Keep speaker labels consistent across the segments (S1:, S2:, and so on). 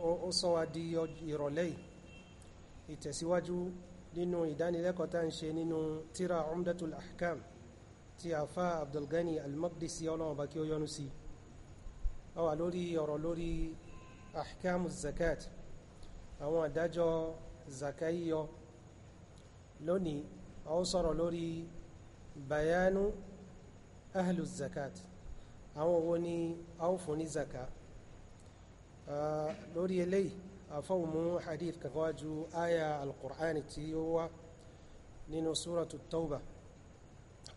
S1: ó sọ wa di ìrọ̀lẹ́ yìí ìtẹ̀síwájú nínú ìdánilẹ́kọ̀ọ́ tá ń ṣe nínú tíra umdatul ahkam ti àfá abdulgani al-maqdisi ọlọ́run bá kí ó yọ́nú sí ó wà lórí ọ̀rọ̀ lórí ahkamu zakat àwọn àdájọ́ zakaiyo lónìí a ó sọ̀rọ̀ lórí bayanu ahlu zakat àwọn wo ni a ó fún ní zakat lórí eléyìí afọ́wò mú hadith kàwájú aya alqur'ani tí ó wá nínú súratu tauba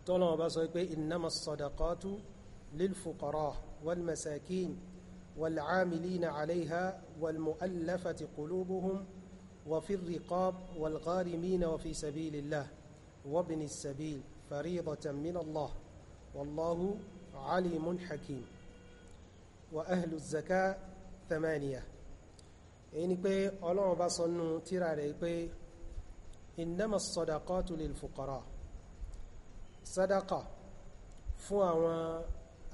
S1: tọ́lọ̀ ọba sọ pé innama sadaqatu lilfuqara walmasakin والعاملين عليها والمؤلفة قلوبهم وفي الرقاب والغارمين وفي سبيل الله وابن السبيل فريضة من الله والله عليم حكيم وأهل الزكاة thamaniya èyí ni pé ọlọ́run bá sọnù tíra rẹ̀ pé innama sadaqatu lil fuqara sadaqa fún àwọn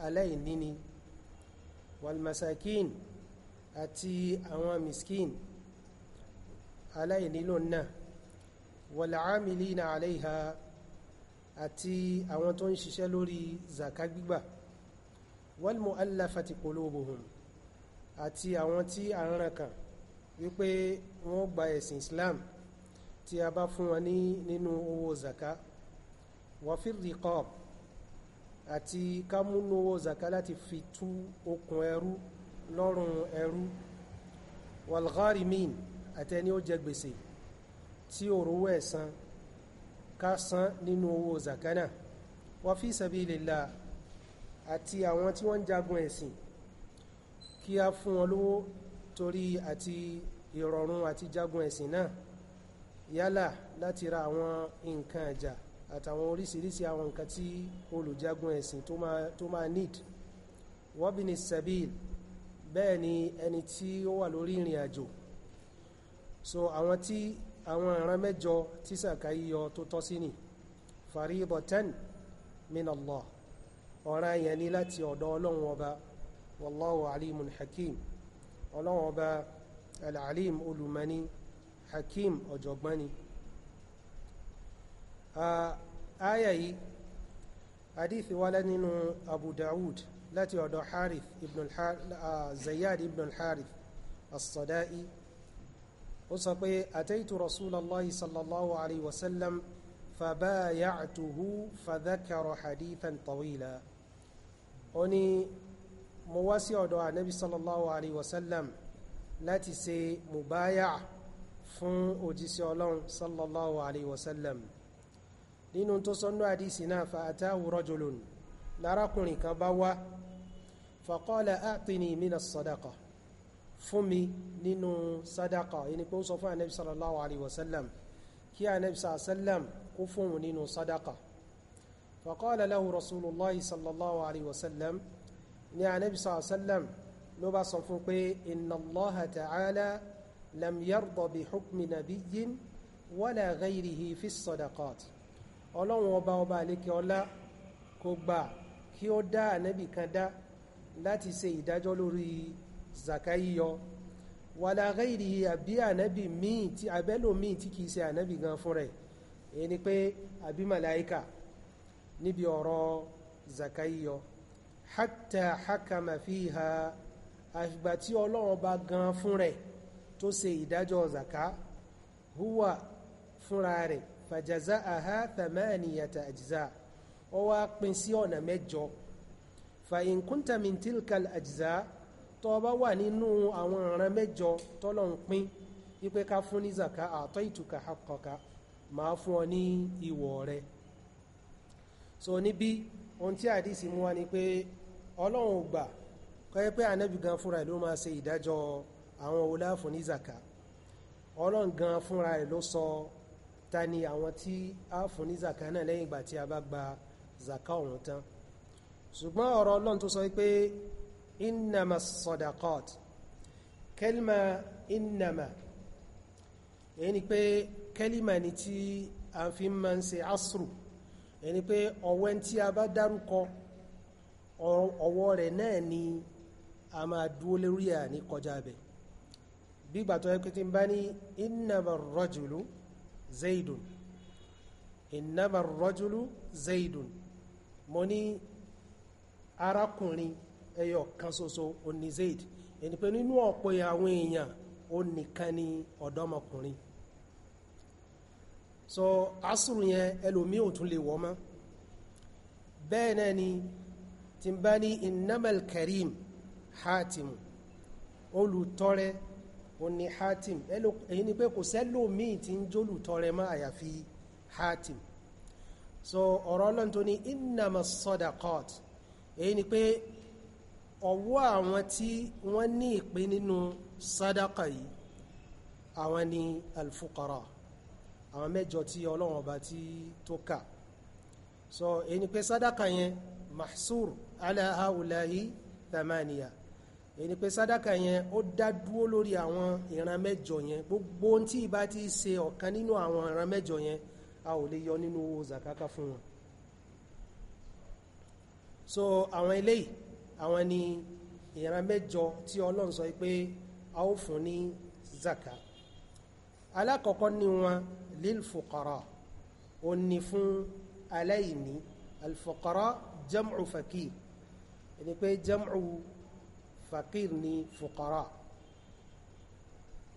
S1: aláìní ni wal masakin àti àwọn miskin aláìní lọ́nà wal amilina alayha àti àwọn tó ń ṣiṣẹ́ lórí zaka gbígbà wal mu'allafati qulubuhum àti àwọn tí à ń ràn kàn wípé wọ́n gba ẹ̀sìn Islam tí a bá fún wọn ní nínú owó zaka wafir riqab àti ká múnú owó zaka láti fi tú okùn ẹrú lọ́rùn ẹrú walgharimin àtẹni ó jẹ gbèsè tí òrówó ẹ̀san ká san nínú owó zaka náà wa fi sabilillah àti àwọn tí wọ́n ń jagun ẹ̀sìn kí a fún wọn lówó torí àti ìrọ̀rùn àti jagun ẹ̀sìn náà yálà láti ra àwọn nǹkan ẹ̀jà àtàwọn oríṣiríṣi àwọn nǹkan tí olùjagun ẹ̀sìn tó máa need wọ́bìnì sabil bẹ́ẹ̀ ni ẹni tí ó wà lórí ìrìn àjò so àwọn tí àwọn ìran mẹ́jọ tí sàkáyí yọ tó tọ́ sí ni faridatan min Allah ọ̀ranyàn ni láti ọ̀dọ̀ ọlọ́run ọba والله عليم حكيم ọlọ́wọ́n ọba alalim olùmọ́ni hakim ọ̀jọ̀gbọ́n ni aya yìí hadithi wá nínú abu dawud láti ọ̀dọ̀ harith ibn zayyad ibn harith as-sada'i ó sọ pé ataitu rasulallah sallallahu alaihi wasallam fabayatuhu fadhakara hadithan tawila mo wá sí ọ̀dọ̀ ànábì sallallahu alayhi wa sallam láti ṣe mubaya fún òjíṣẹ́ ọlọ́run sallallahu alayhi wa sallam nínú tó sọ́nà àdísì náà fa atahu rajulun lárákùnrin kan bá wá faqala a'tini mina sadaqa fún mi nínú sadaqa ẹni pé ó sọ fún ànábì sallallahu alayhi wa sallam kí ànábì sallallahu alayhi sallam kó fóun nínú sadaqa faqala lahu rasulullahi sallallahu alayhi wa sallam ní anabi sallallahu alayhi wa sallam ló bá sọ fún pé inna allaha ta'ala lam yarda bi hukmi nabiyyin wala ghayrihi fi sadaqat ọlọ́run ọba ọba àlékè ọlá kò gbà kí ó dá ànábì kan dá láti ṣe ìdájọ́ lórí zaka yíyọ wàlá gáìrì àbí ànábì míì tí abẹ́lò míì tí kìí ṣe gan fún rẹ̀ èyí ni pé àbí màláíkà níbi ọ̀rọ̀ zaka yíyọ hatta hakama fiha àfìgbà tí ọlọ́run bá gan fún rẹ̀ tó ṣe ìdájọ́ zaka huwa fúnra rẹ̀ fàjàzá àhá thamaniyata àjíza ó wá pín sí ọ̀nà mẹ́jọ fa in kunta min tilkal àjíza tó bá wà nínú àwọn ọ̀ràn mẹ́jọ tọ́lọ̀ ń pín wípé ká fún ní zaka àtọ́ ìtùkà haqqaka máa fún ọ ní ìwọ̀ rẹ̀ so níbi ohun tí àdìsí mú wa ni pé ọlọ́run ò gbà kọ́yẹ́ pé ànábì gan fúnra ẹ̀ ló máa ṣe ìdájọ́ àwọn oláàfún ní zaka ọlọ́run gan fúnra ẹ̀ ló sọ ta ni àwọn tí a fún ní zaka náà lẹ́yìn ìgbà tí a bá gba zaka ọ̀run tán ṣùgbọ́n ọ̀rọ̀ ọlọ́run tó sọ pé innama sadaqat kẹlima innama èyí ni pé kẹlima ni tí a fi máa ń ṣe asru èyí ni pé ọ̀wẹ́n tí a bá dárúkọ ọwọ́ rẹ̀ náà ni a máa dúó lórí à ní kọjá bẹ̀ ni tó ẹkùn tí ń bá ní zaidun innama zaidun mo ní arákùnrin ẹyọ kan zaid ẹni pé nínú ọ̀pọ̀ àwọn èèyàn ó nìkan ni ọ̀dọ́mọkùnrin so asùrù yẹn ẹlòmí ò tún lè wọ́ mọ́ tí ń bá ní innamal karim hatim olùtọrẹ òní hatim èyí ni pé kò sẹ́lòmíì tí ń jólùtọrẹ má àyàfi hatim so ọ̀rọ̀ ọlọ́run tó ní innamas sadaqat èyí ni pé ọwọ́ àwọn tí wọ́n ní ìpín nínú sádàkà yìí àwọn ni alfukara àwọn mẹ́jọ tí ọlọ́run ọba tí tó kà so èyí ni pé sádàkà yẹn mahsur ala haulahi thamaniya èyí pé sádàkà yẹn ó dá dúró lórí àwọn ìran mẹ́jọ yẹn gbogbo ohun tí ìbá ti ṣe ọ̀kan nínú àwọn ìran mẹ́jọ yẹn a ò lè yọ nínú owó zakaka fún wọn so àwọn eléyìí àwọn ni ìran mẹ́jọ tí ọlọ́run sọ pé a ó fún ní zaka alákọ̀ọ́kọ́ ni wọn lil ó ní fún aláìní al fuqara ẹni pé jam'u fakir ni fuqara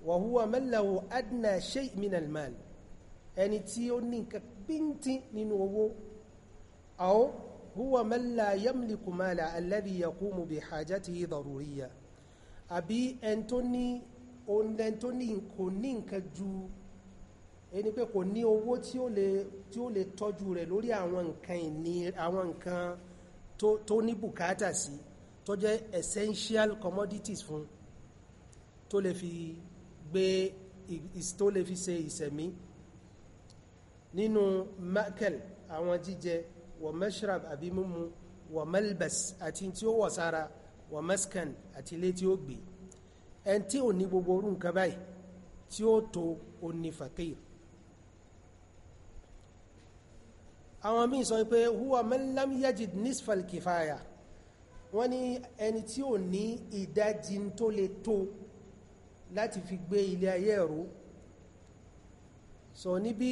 S1: wa huwa man lahu adna shay min al-mal ẹni tí ó ní nǹkan bíntín nínú owó aw huwa man la yamliku mala alladhi yaqumu bi hajatihi daruriyya àbí ẹni tó ní oúnjẹ tó ní kò ní nǹkan ju ẹni pé kò ní owó tí ó lè tọ́jú rẹ̀ lórí àwọn nǹkan tó ní bùkátà sí tó jẹ́ essential commodities fún tó lè fi gbé tó lè fi ṣe ìsẹ̀mí nínú makel àwọn jíjẹ wọ mashrab àbí mímu wọ malbas àti tí ó wọ̀ sára wọ maskan àti ilé tí ó gbé ẹn tí ò ní gbogbo orú nǹkan báyìí tí ó tó ò ní fàkír àwọn míì sọ pé huwa man lam yajid nisfal kifaya wọ́n ní ẹni tí ò ní ìdajì tó lè tó láti fi gbé ilé ayé ẹ̀rú so níbi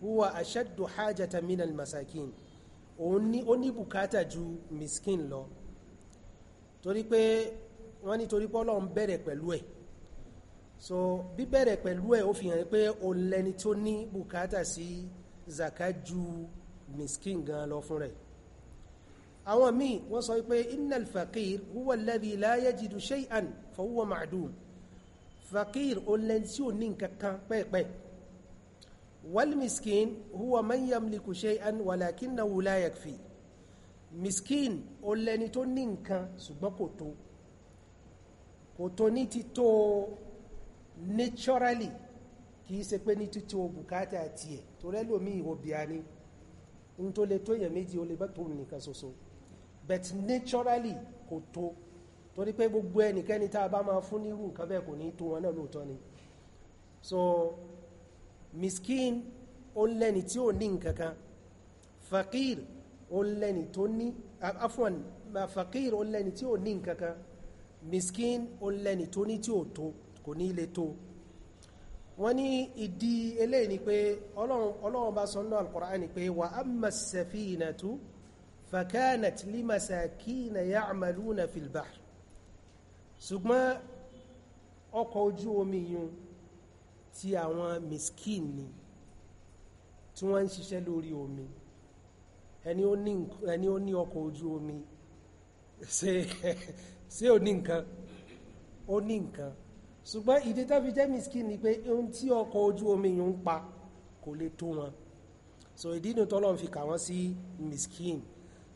S1: huwa ashaddu hajata minal masakin ó ní bùkátà ju miskin lọ torí pé wọ́n ní torí pé Ọlọ́run bẹ̀rẹ̀ pẹ̀lú ẹ̀ so bíbẹ̀rẹ̀ pẹ̀lú ẹ̀ ó fi hàn pé òun lẹni tó ní bùkátà sí zaka miskin gan lọ fún rẹ̀ àwọn míì wọ́n sọ pé innal faqir huwa alladhi la yajidu shay'an fa huwa ma'dum faqir ó lẹ́ni tí ò ní nǹkan kan pẹ́ẹ̀pẹ́ wal miskin huwa man yamliku shay'an walakinahu la yakfi miskin ó lẹ́ni tó ní nǹkan ṣùgbọ́n kò tó kò tó ní ti tó naturally kìí ṣe pé ní títí o bùkátà tiẹ̀ torí ẹlòmíì obìá ni. Tito, n tó lè tó èèyàn méjì ó lè bá tó nìkan ṣoṣo but naturally kò tó torí pé gbogbo ẹnikẹ́ni tá a bá máa fún nírú nǹkan bẹ́ẹ̀ kò ní tó wọn náà lóòótọ́ ni so miskin ó lẹ́ni tí ó ní nǹkan kan fakir ó lẹ́ni tó ní afwan fakir ó lẹ́ni tí ó ní nǹkan kan miskin ó lẹ́ni tó ní tí ó tó kò ní lè tó wọ́n ní ìdí eléyìí ni pé ọlọ́run bá sọ nínú al-Qur'an ni pé wa amma as-safinatu fakanat li masakina ya'maluna fil bahr ṣùgbọ́n ọkọ̀ ojú omi yun ti àwọn miskin ni tí wọ́n ń ṣiṣẹ́ lórí omi ẹni ó ní ọkọ̀ ojú omi ṣe ò ní nǹkan ó ní nǹkan ṣùgbọ́n ìdí tó fi jẹ́ miskin ni pé ohun tí ọkọ̀ ojú omi yìí ń pa kò lè tó wọn so ìdí inú tọ́lọ́run fi kà wọ́n sí miskin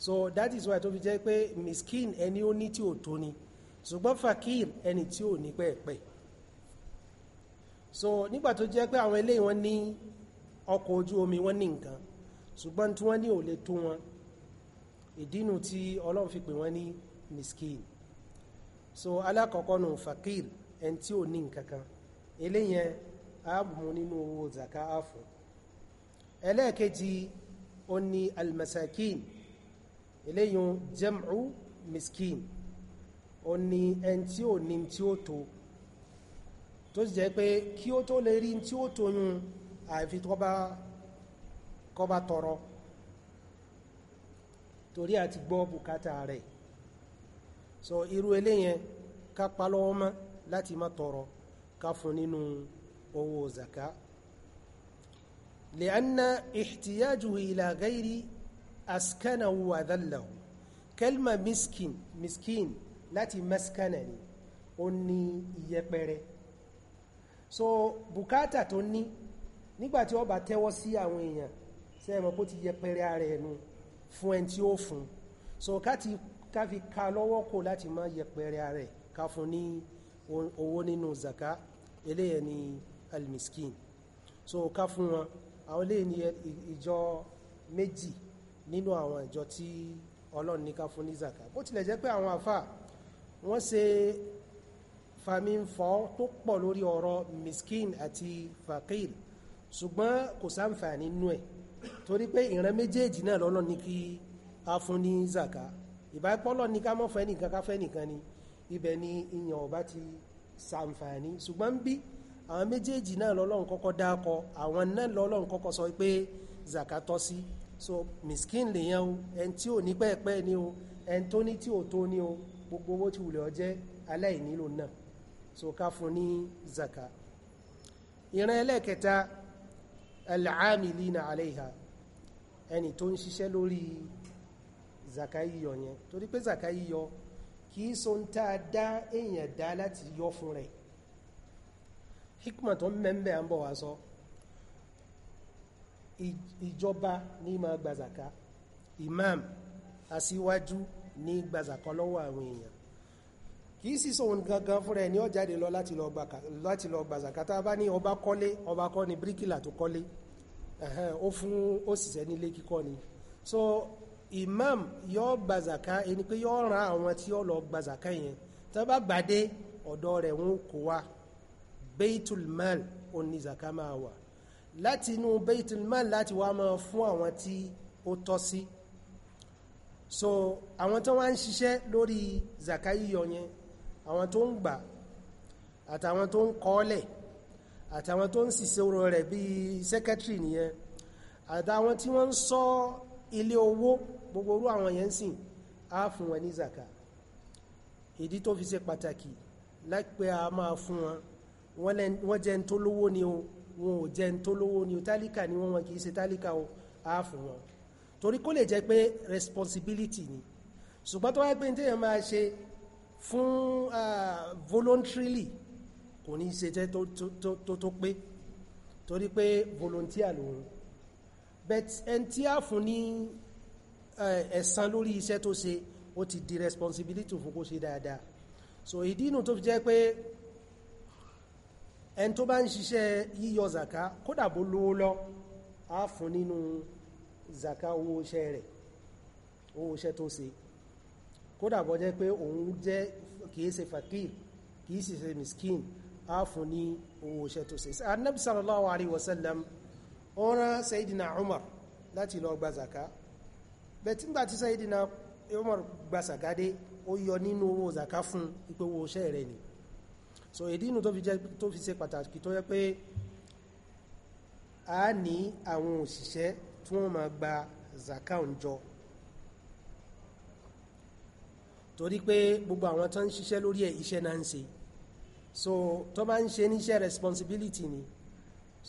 S1: so that is why tó fi jẹ́ pé miskin ẹni ó ní tí ò tó ni ṣùgbọ́n fakir ẹni tí ò ní pẹ́ẹ̀pẹ́ so nígbà tó jẹ́ pé àwọn eléyìí wọ́n ní ọkọ̀ ojú omi wọ́n ní nǹkan ṣùgbọ́n tí wọ́n ní ò lè tó wọn ìdí inú tí ọlọ́run fi pè wọ́n ní miskin so alákọ̀ọ́kọ́ nù fakir ẹni tí ò ní nǹkan kan eléyẹn á mú nínú owó zaka á fún ẹlẹ́ẹ̀kejì ó ní almasakin eléyìn jam'u miskin ó ní ẹni tí ò ní tí ó tó tó sì jẹ́ pé kí ó tó lè rí tí ó tó yún àfi kó tọrọ torí àti gbọ́ bùkátà rẹ̀ so irú eléyẹn kápá lọ́wọ́ mọ́ láti má tọrọ ká fún nínú owó zaka lẹ́anna ìhtìyájú ila gairi askana wa dhallahu kelma miskin miskin láti maskana ni ó ní iyẹpẹrẹ so bùkátà tó ní nígbàtí ó bá tẹ́wọ́ sí àwọn èèyàn sẹ́ẹ̀mọ́ kó ti yẹpẹrẹ ara ẹnu fún ẹni tí ó fún so ká fi ka lọ́wọ́ kò láti má yẹpẹrẹ ara ẹ̀ ká fún ní owó nínú zaka eléyẹ ni almiskin so ká fún wọn àwọn eléyẹ ni ìjọ méjì nínú àwọn ìjọ tí ọlọ́run ní ká fún ní zaka bó tilẹ̀ jẹ́ pé àwọn àfà wọ́n ṣe fami ń fọ́ tó pọ̀ lórí ọ̀rọ̀ miskin àti fakil. ṣùgbọ́n kò sáǹfààní nínú ẹ̀ torí pé ìran méjèèjì náà lọ́lọ́ ní kí a fún ní zaka ìbáyẹ̀pọ̀ lọ́ ní ká mọ́ fẹ́ nìkan ká fẹ́ nìkan ni ibẹ̀ ni ìyàn ọba ti sàǹfààní ṣùgbọ́n bí àwọn méjèèjì náà lọ́lọ́run kọ́kọ́ dákọ àwọn náà lọ́lọ́run kọ́kọ́ sọ pé zaka tọ́ sí so miskin lèyàn o ẹni tí ò ní pẹ́ẹ̀pẹ́ ni o ẹni tó ní tí ò tó ní o gbogbo owó tí wùlẹ̀ ọjẹ́ aláìnílò náà so ká fún ní zaka ìran ẹlẹ́ẹ̀kẹta al-amilina alayha ẹni tó ń ṣiṣẹ́ lórí zaka yíyọ yẹn torí pé zaka yíyọ kì í so ń tá a dá èèyàn dá láti yọ fún rẹ̀ hikma tó ń mẹ́ńbẹ́ à ń bọ̀ wá sọ ìjọba ní máa gba zaka imam aṣíwájú ní gba zaka lọ́wọ́ àwọn èèyàn kì í sì sóhun gangan fúnra ẹni ó jáde lọ láti lọ gba tá a bá ní ọba kọ́lé ọba kọ́ ni bíríkìlà tó kọ́lé ó fún òṣìṣẹ́ nílé kíkọ́ ni so imam yóò gba zaka ẹni pé yóò ran àwọn tí yóò lọ gba zaka yẹn tó bá gbàdé ọ̀dọ̀ rẹ̀ wọn kò wá baitul mal òní zaka máa wà láti inú baitul mal láti wá máa fún àwọn tí ó tọ́ sí so àwọn tó wá ń ṣiṣẹ́ lórí zaka yíyọ yẹn àwọn tó ń gbà àtàwọn tó ń kọ́ọ́lẹ̀ àtàwọn tó ń ṣìṣòro rẹ̀ bíi secretary nìyẹn àtàwọn tí wọ́n ń sọ ilé owó gbogbo orú àwọn yẹn sìn á fún wọn ní zaka ìdí tó fi ṣe pàtàkì lápẹ́ a máa fún wọn wọ́n jẹ́ tó lówó ni o wọn ò jẹ́ ń tó lówó ni o tálíkà ni wọ́n wọn kìí ṣe tálíkà o á fún wọn torí kó lè jẹ́ pé responsibility ni ṣùgbọ́n tó wáyé pé téèyàn máa ṣe fún voluntarily kò ní ṣe jẹ́ tó tó pé torí pé volunteer lòun but ẹni tí a fún ní Eh, ẹ̀san lórí iṣẹ́ tó ṣe ó ti di responsibility fún kó ṣe dáadáa so ìdínú tó fi jẹ́ pé ẹni tó bá ń ṣiṣẹ́ yíyọ zaka kódà bó lówó lọ á fún nínú zaka owó iṣẹ́ rẹ̀ owó iṣẹ́ tó ṣe kódà bó jẹ́ pé òun jẹ́ kìí ṣe fakir kìí sì ṣe miskin á fún ní owó iṣẹ́ tó ṣe Ànábì sallallahu alaihi wasallam ó rán Umar láti lọ gba zaka bẹ̀tí nígbà tí na, Umar gba sàgádé ó yọ nínú owó zaka fún ipé owó iṣẹ́ rẹ̀ ni so èdè inú tó fi ṣe pàtàkì tó yẹ pé a ní àwọn òṣìṣẹ́ tí wọ́n máa gba zaka òǹjọ torí pé gbogbo àwọn tó ń ṣiṣẹ́ lórí ẹ̀ iṣẹ́ náà ń ṣe so tó bá ń ṣe níṣẹ́ responsibility ni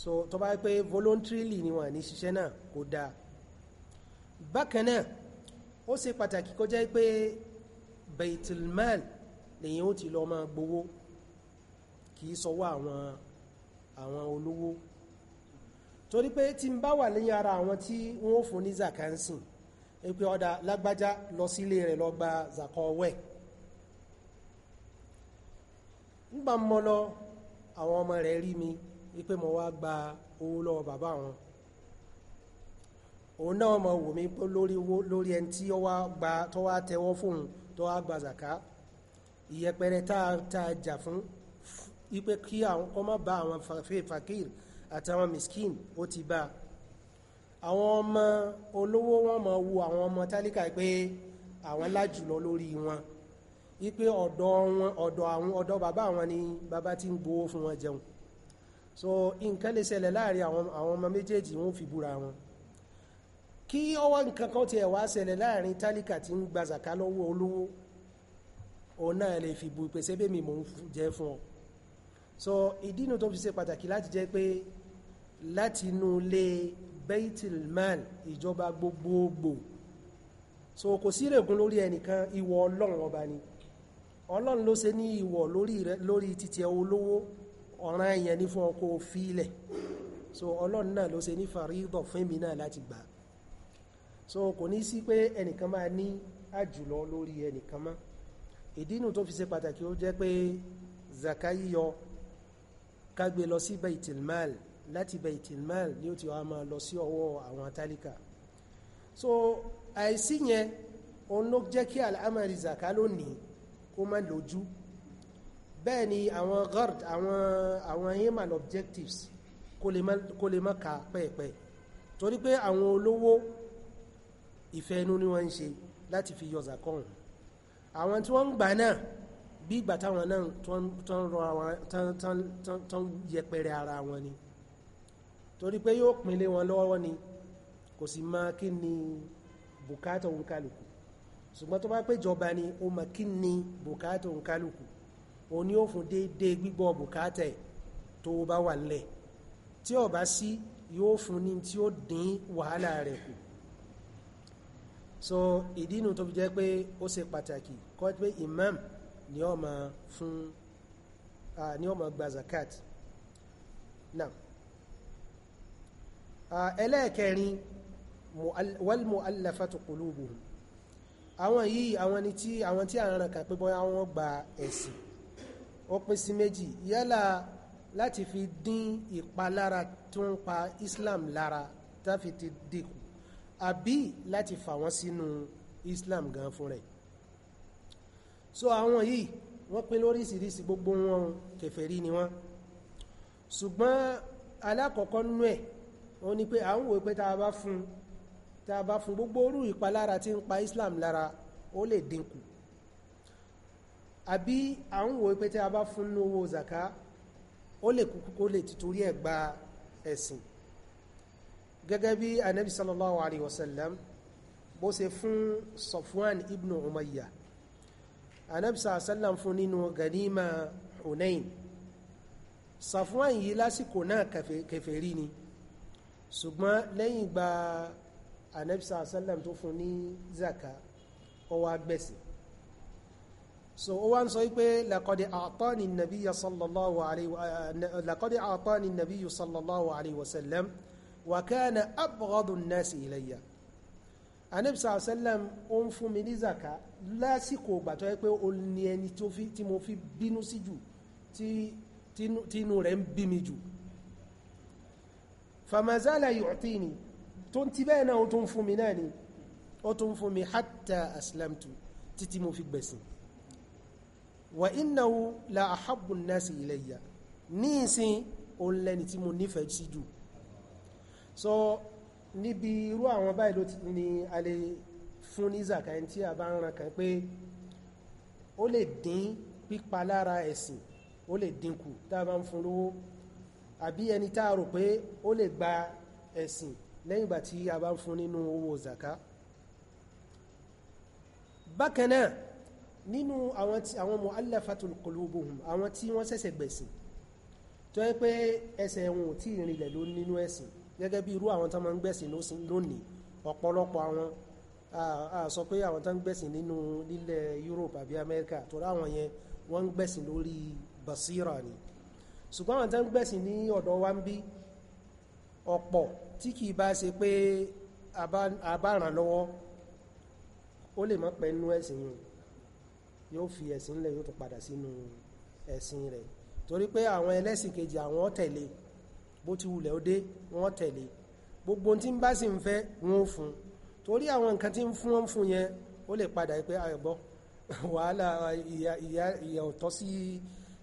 S1: so tó bá pé voluntarily ni wọ́n ní ṣiṣẹ́ náà kò dáa bákan náà ó ṣe pàtàkì kó jẹ́ pé baitulmal lèyìn ó ti lọ máa gbowó kì í sọwọ́ àwọn àwọn olówó torí pé tí n bá wà lẹ́yìn ara àwọn tí wọ́n fún ní zakansin pé ọ̀dà lágbájá lọ sílé rẹ̀ lọ gba zakọ̀wẹ̀ nígbà mọ́ lọ àwọn ọmọ rẹ̀ rí mi wípé mo wá gba owó lọ́wọ́ bàbá wọn òun náà mọ̀ wò mí lórí wo lórí ẹni tí ó wá gba tó wá tẹwọ́ fóun tó wá gba zaka ìyẹpẹrẹ tá jà fún ipe kí àwọn kọ́ bá àwọn fakir àtàwọn miskin ó ti bá àwọn ọmọ olówó wọn mọ̀ wo àwọn ọmọ tálíkà pé àwọn lájùlọ lórí wọn ipe ọ̀dọ̀ wọn ọ̀dọ̀ àwọn ọ̀dọ̀ bàbá àwọn ni bàbá ti ń gbowó fún wọn jẹun so nǹkan lè ṣẹlẹ̀ láàrin àwọn ọmọ méjèèjì wọn fi búra wọn kí ọwọ́ nǹkan kan tiẹ̀ wá ṣẹlẹ̀ láàrin tálíkà tí ń gba zàká lọ́wọ́ olówó òun náà lè fi bu ìpèsè bẹ́ẹ̀ mò ń jẹ́ fún ọ so ìdínú tó fi ṣe pàtàkì láti jẹ́ pé láti inú ilé baitul ìjọba gbogbogbò so kò sí rẹ̀gùn lórí ẹnìkan ìwọ ọlọ́run ọba ni ọlọ́run ló ṣe ní ìwọ lórí rẹ lórí títí ẹ olówó ọ̀ràn ẹ̀yẹn ní fún ọkọ̀ fílẹ̀ so ọlọ́run náà ló ṣe ní fàrídọ̀ fún mi náà láti gbàá so kò ní sí pé ẹnìkan máa ní àjùlọ lórí ẹnìkan mọ́ ìdínú tó fi ṣe pàtàkì ó jẹ́ pé zaka yíyọ kágbé lọ sí baitilmal láti baitilmal ni ó ti wá máa lọ sí ọwọ́ àwọn tálíkà so àìsí yẹn òun ló jẹ́ kí al'amari zaka lónìí kó má lójú bẹ́ẹ̀ ni àwọn gard àwọn àwọn aim objectives kó lè má ka pẹ́ẹ̀pẹ́ torí pé àwọn olówó ìfẹ́ inú ni wọ́n ń ṣe láti fi yọ zakọ́n àwọn tí wọ́n ń gbà náà bí ìgbà táwọn náà tán rọ àwọn tán yẹpẹrẹ ara wọn ni torí pé yóò pinlé wọn lọ́wọ́ ni kò sì máa kí ni bùkátà òǹkálùkù ṣùgbọ́n tó bá pé jọba ni ó máa kí ni bùkátà òǹkálùkù ó ní ó fún déédé gbígbọ́ bùkátà tó bá wà lẹ̀ tí ó sí yóò fún ní tí ó dín wàhálà rẹ̀ kù so ìdínú tó fi jẹ́ pé ó ṣe pàtàkì kọ́ pé imam ni ó máa fún ni ó máa gba zakat náà ẹlẹ́ẹ̀kẹrin walmu'allafatu qulubuhum àwọn yìí àwọn ni tí àwọn tí àrán kà pé bóyá wọ́n gba ẹ̀sìn ó pín sí méjì yálà láti fi dín ìpalára tó ń pa Islam lára tá fi ti dínkù àbí láti fà wọ́n sínú Islam gan fún rẹ̀ so àwọn yìí wọ́n pín lóríṣiríṣi gbogbo wọn kèfèrí ni wọ́n ṣùgbọ́n alákọ̀ọ́kọ́ nú ẹ̀ ó ní pé à ń wò pé tá a bá fún tá bá fún gbogbo orú ìpalára tí ń pa Islam lára ó lè dínkù àbí à ń wò pé tá a bá fún ní owó zaka ó lè kúkú kó lè tìtorí ẹ̀ gba ẹ̀sìn gẹ́gẹ́ bí anabi sallallahu alayhi wa sallam bó ṣe fún Safwan ibn Umayya anabi sallallahu alayhi wa sallam fún nínú ganima Hunain Safwan yìí lásìkò náà kèfèrí ni ṣùgbọ́n lẹ́yìn gba anabi sallallahu alayhi wa tó fún ní zaka ó wá gbẹ̀sìn so ó wá ń sọ wípé làkọ́dẹ̀ àtọ́ni nàbíyà sallallahu alayhi wa wàkánà abghadun nasi ilayya anabi sallallahu alayhi wa sallam ó ń fún mi ní zaka lásìkò ìgbà tó yẹ pé ó ní ẹni tí mo fi bínú sí jù tí inú rẹ̀ ń bí mi jù famazala yu'tini tó ń ti bẹ́ẹ̀ náà ó tún fún mi náà ni ó tún fún mi hatta aslamtu títí mo fi gbẹ̀sìn wa innahu la ahabbu an-nasi ilayya ní ìsìn òun lẹni tí mo nífẹ̀ẹ́ sí jù so níbi irú àwọn báyìí ló ni a lè fún ní zaka ẹni tí a bá ń ran kan pé ó lè dín pípa lára ẹ̀sìn ó lè dínkù tá a bá ń fún lówó àbí ẹni tá a rò pé ó lè gba ẹ̀sìn lẹ́yìn tí a bá ń fún nínú owó zaka bákan nínú àwọn tí àwọn mu'allafatul àwọn tí wọ́n ṣẹ̀ṣẹ̀ gbẹ̀sìn tó yẹ pé ẹsẹ̀ wọn tí ì ló nínú ẹ̀sìn gẹ́gẹ́ bí irú àwọn tó máa ń gbẹ̀sìn lónìí ọ̀pọ̀lọpọ̀ àwọn sọ pé àwọn tó ń gbẹ̀sìn nínú nílẹ̀ Europe àbí America torí àwọn yẹn wọ́n ń gbẹ̀sìn lórí basira ni ṣùgbọ́n àwọn tó ń gbẹ̀sìn ní ọ̀dọ̀ wa ń bí ọ̀pọ̀ tí kì í bá ṣe pé àbáràn lọ́wọ́ ó lè má pẹ́ nínú ẹ̀sìn yìí yóò fi ẹ̀sìn lẹ̀ yóò tún padà sínú ẹ̀sìn rẹ̀ torí pé àwọn ẹlẹ́sìn kejì àwọn tẹ̀lé bó ti wulẹ̀ ó dé wọ́n tẹ̀lé gbogbo tí ń bá sì ń fẹ́ wọ́n fún torí àwọn nǹkan tí ń fún wọn fún yẹn ó lè padà pé àyọ̀bọ́ wàhálà ìyà ọ̀tọ̀ sí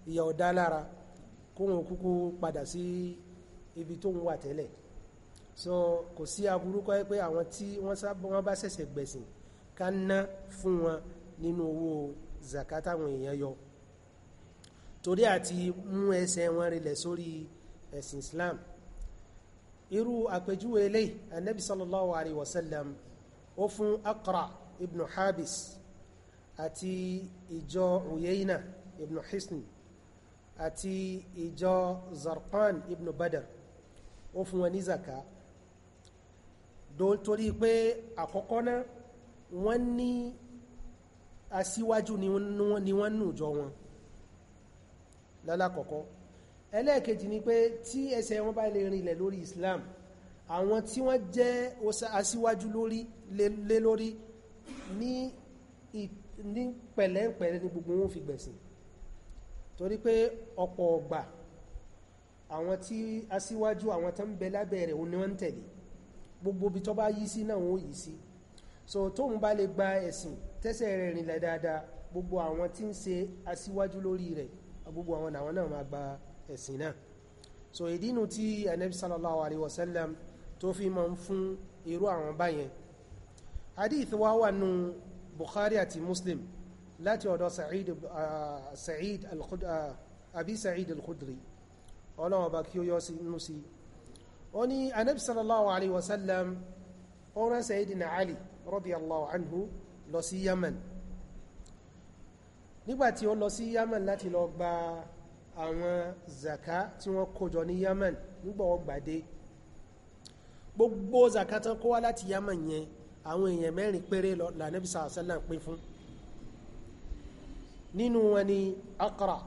S1: ìyà ọ̀dá lára kóhun kúkú padà sí ibi tó ń wà tẹ́lẹ̀ so kò sí aburú kọ́ pé àwọn tí wọ́n bá ṣẹ̀ṣẹ̀ gbẹ̀sìn ká ná fún wọn nínú owó zakata àwọn èèyàn yọ torí àti mú ẹsẹ̀ wọn rinlẹ̀ sórí so, ẹ̀sìn islam irú àpèjúwe eléyìí anabi sallallahu alayhi wa sallam ó fún akra ibn habis àti ìjọ uyeyna ibn hisni àti ìjọ zarqan ibn badr ó fún wọn ní zaka torí pé àkọ́kọ́ náà wọ́n ní asíwájú ni wọ́n nù jọ wọn lálàkọ̀ọ́kọ́ ẹlẹ́ẹ̀kejì ni pé tí ẹsẹ̀ wọn bá lè rinlẹ̀ lórí Islam àwọn tí wọ́n jẹ́ aṣíwájú lórí lé lórí ní ní pẹ̀lẹ́pẹ̀lẹ́ ní gbogbo wọn fi gbẹ̀sìn torí pé ọ̀pọ̀ ọgbà àwọn tí aṣíwájú àwọn tó bẹ lábẹ́ òní wọ́n tẹ̀lé gbogbo bí tó bá yí sí náà wọ́n yí sí so tóun bá lè gba ẹ̀sìn tẹ́sẹ̀ rẹ̀ rinlẹ̀ dáadáa gbogbo àwọn tí ń ṣe aṣíwájú lórí rẹ̀ gbogbo àwọn làwọn náà máa gba ẹ̀sìn náà so ìdínú tí anabi sallallahu alayhi wa sallam tó fi máa ń fún irú àwọn báyẹn hadith wa wà nù bukhari àti muslim láti ọ̀dọ̀ sa'id ah, sa'id ah, abi sa'id al-khudri ọlọ́run ọba kí ó yọ sínú sí ó ní anabi sallallahu alayhi wa sallam ó rán sayidina ali radiyallahu anhu lọ sí yaman nígbàtí ó lọ sí yaman láti lọ gba àwọn zaka tí wọ́n kójọ ní Yemen nígbà wọ́n gbàdé gbogbo zaka tán kó wá láti Yemen yẹn àwọn èèyàn mẹ́rin péré lọ lànàbí sàásẹ́là pín fún nínú wọn ni Aqra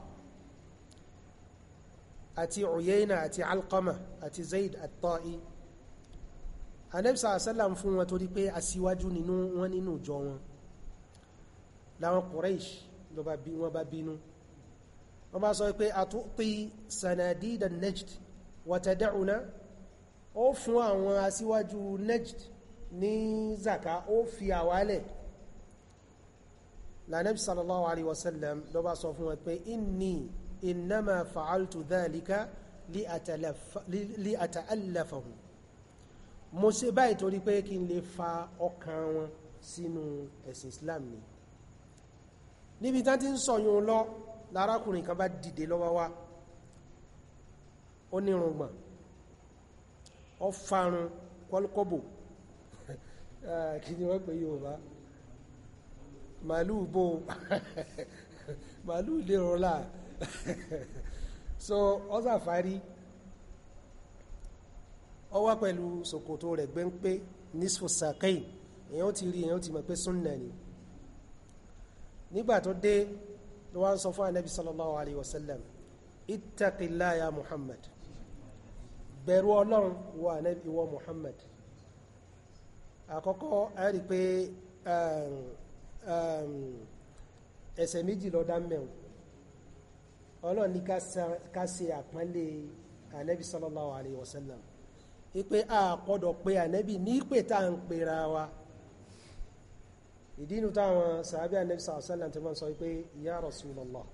S1: àti Uyayna àti Alqama àti Zaid at-Ta'i ànàbí fún wọn torí pé aṣíwájú nínú wọn nínú ìjọ wọn láwọn Quraish ló wọ́n bá sọ pé àtúntí sanadida nejd wàtẹ̀dẹ̀rùnà ó fún àwọn asíwájú nejd ní zaka ó fi àwálẹ̀ lànàbí sallallahu alaihi wasallam ló bá sọ fún wọn pé inni innama fa'altu dhalika li ata'allafahu mo ṣe báyìí torí pé kí n lè fa ọkàn wọn sínú ẹ̀sìn islam ni níbi tán ti ń sọyún lọ lárákùnrin kan bá dìde lọ́wọ́ wá ó nírùngbọ̀n ó farun kọ́lùkọ́bò ah, kí ni wọ́n pè Yorùbá màálù bò màálù lè rọlá so ọ́sàfárí ó wá pẹ̀lú ṣòkòtò rẹ̀ gbẹ́ńpé nisfo sakain èyàn ti rí èyàn ti mọ̀ pé súnnà ni nígbà tó dé ló wá ń sọ fún anabi sallallahu alayhi wa sallam ittaqillah ya muhammad bẹ̀rù ọlọ́run wọ anabi wọ muhammad àkọ́kọ́ a rí pé ẹsẹ̀ méjì ló dá mẹ́wọ̀n ọlọ́run ní ká ṣe àpọ́nlé anabi sallallahu alayhi wa sallam ipe a kọ́dọ̀ pé anabi ní ìpè tá à pera wa ìdínú táwọn sàábí ànẹ́bí sàásẹ́lẹ̀ tí wọ́n sọ pé ya Rasulullah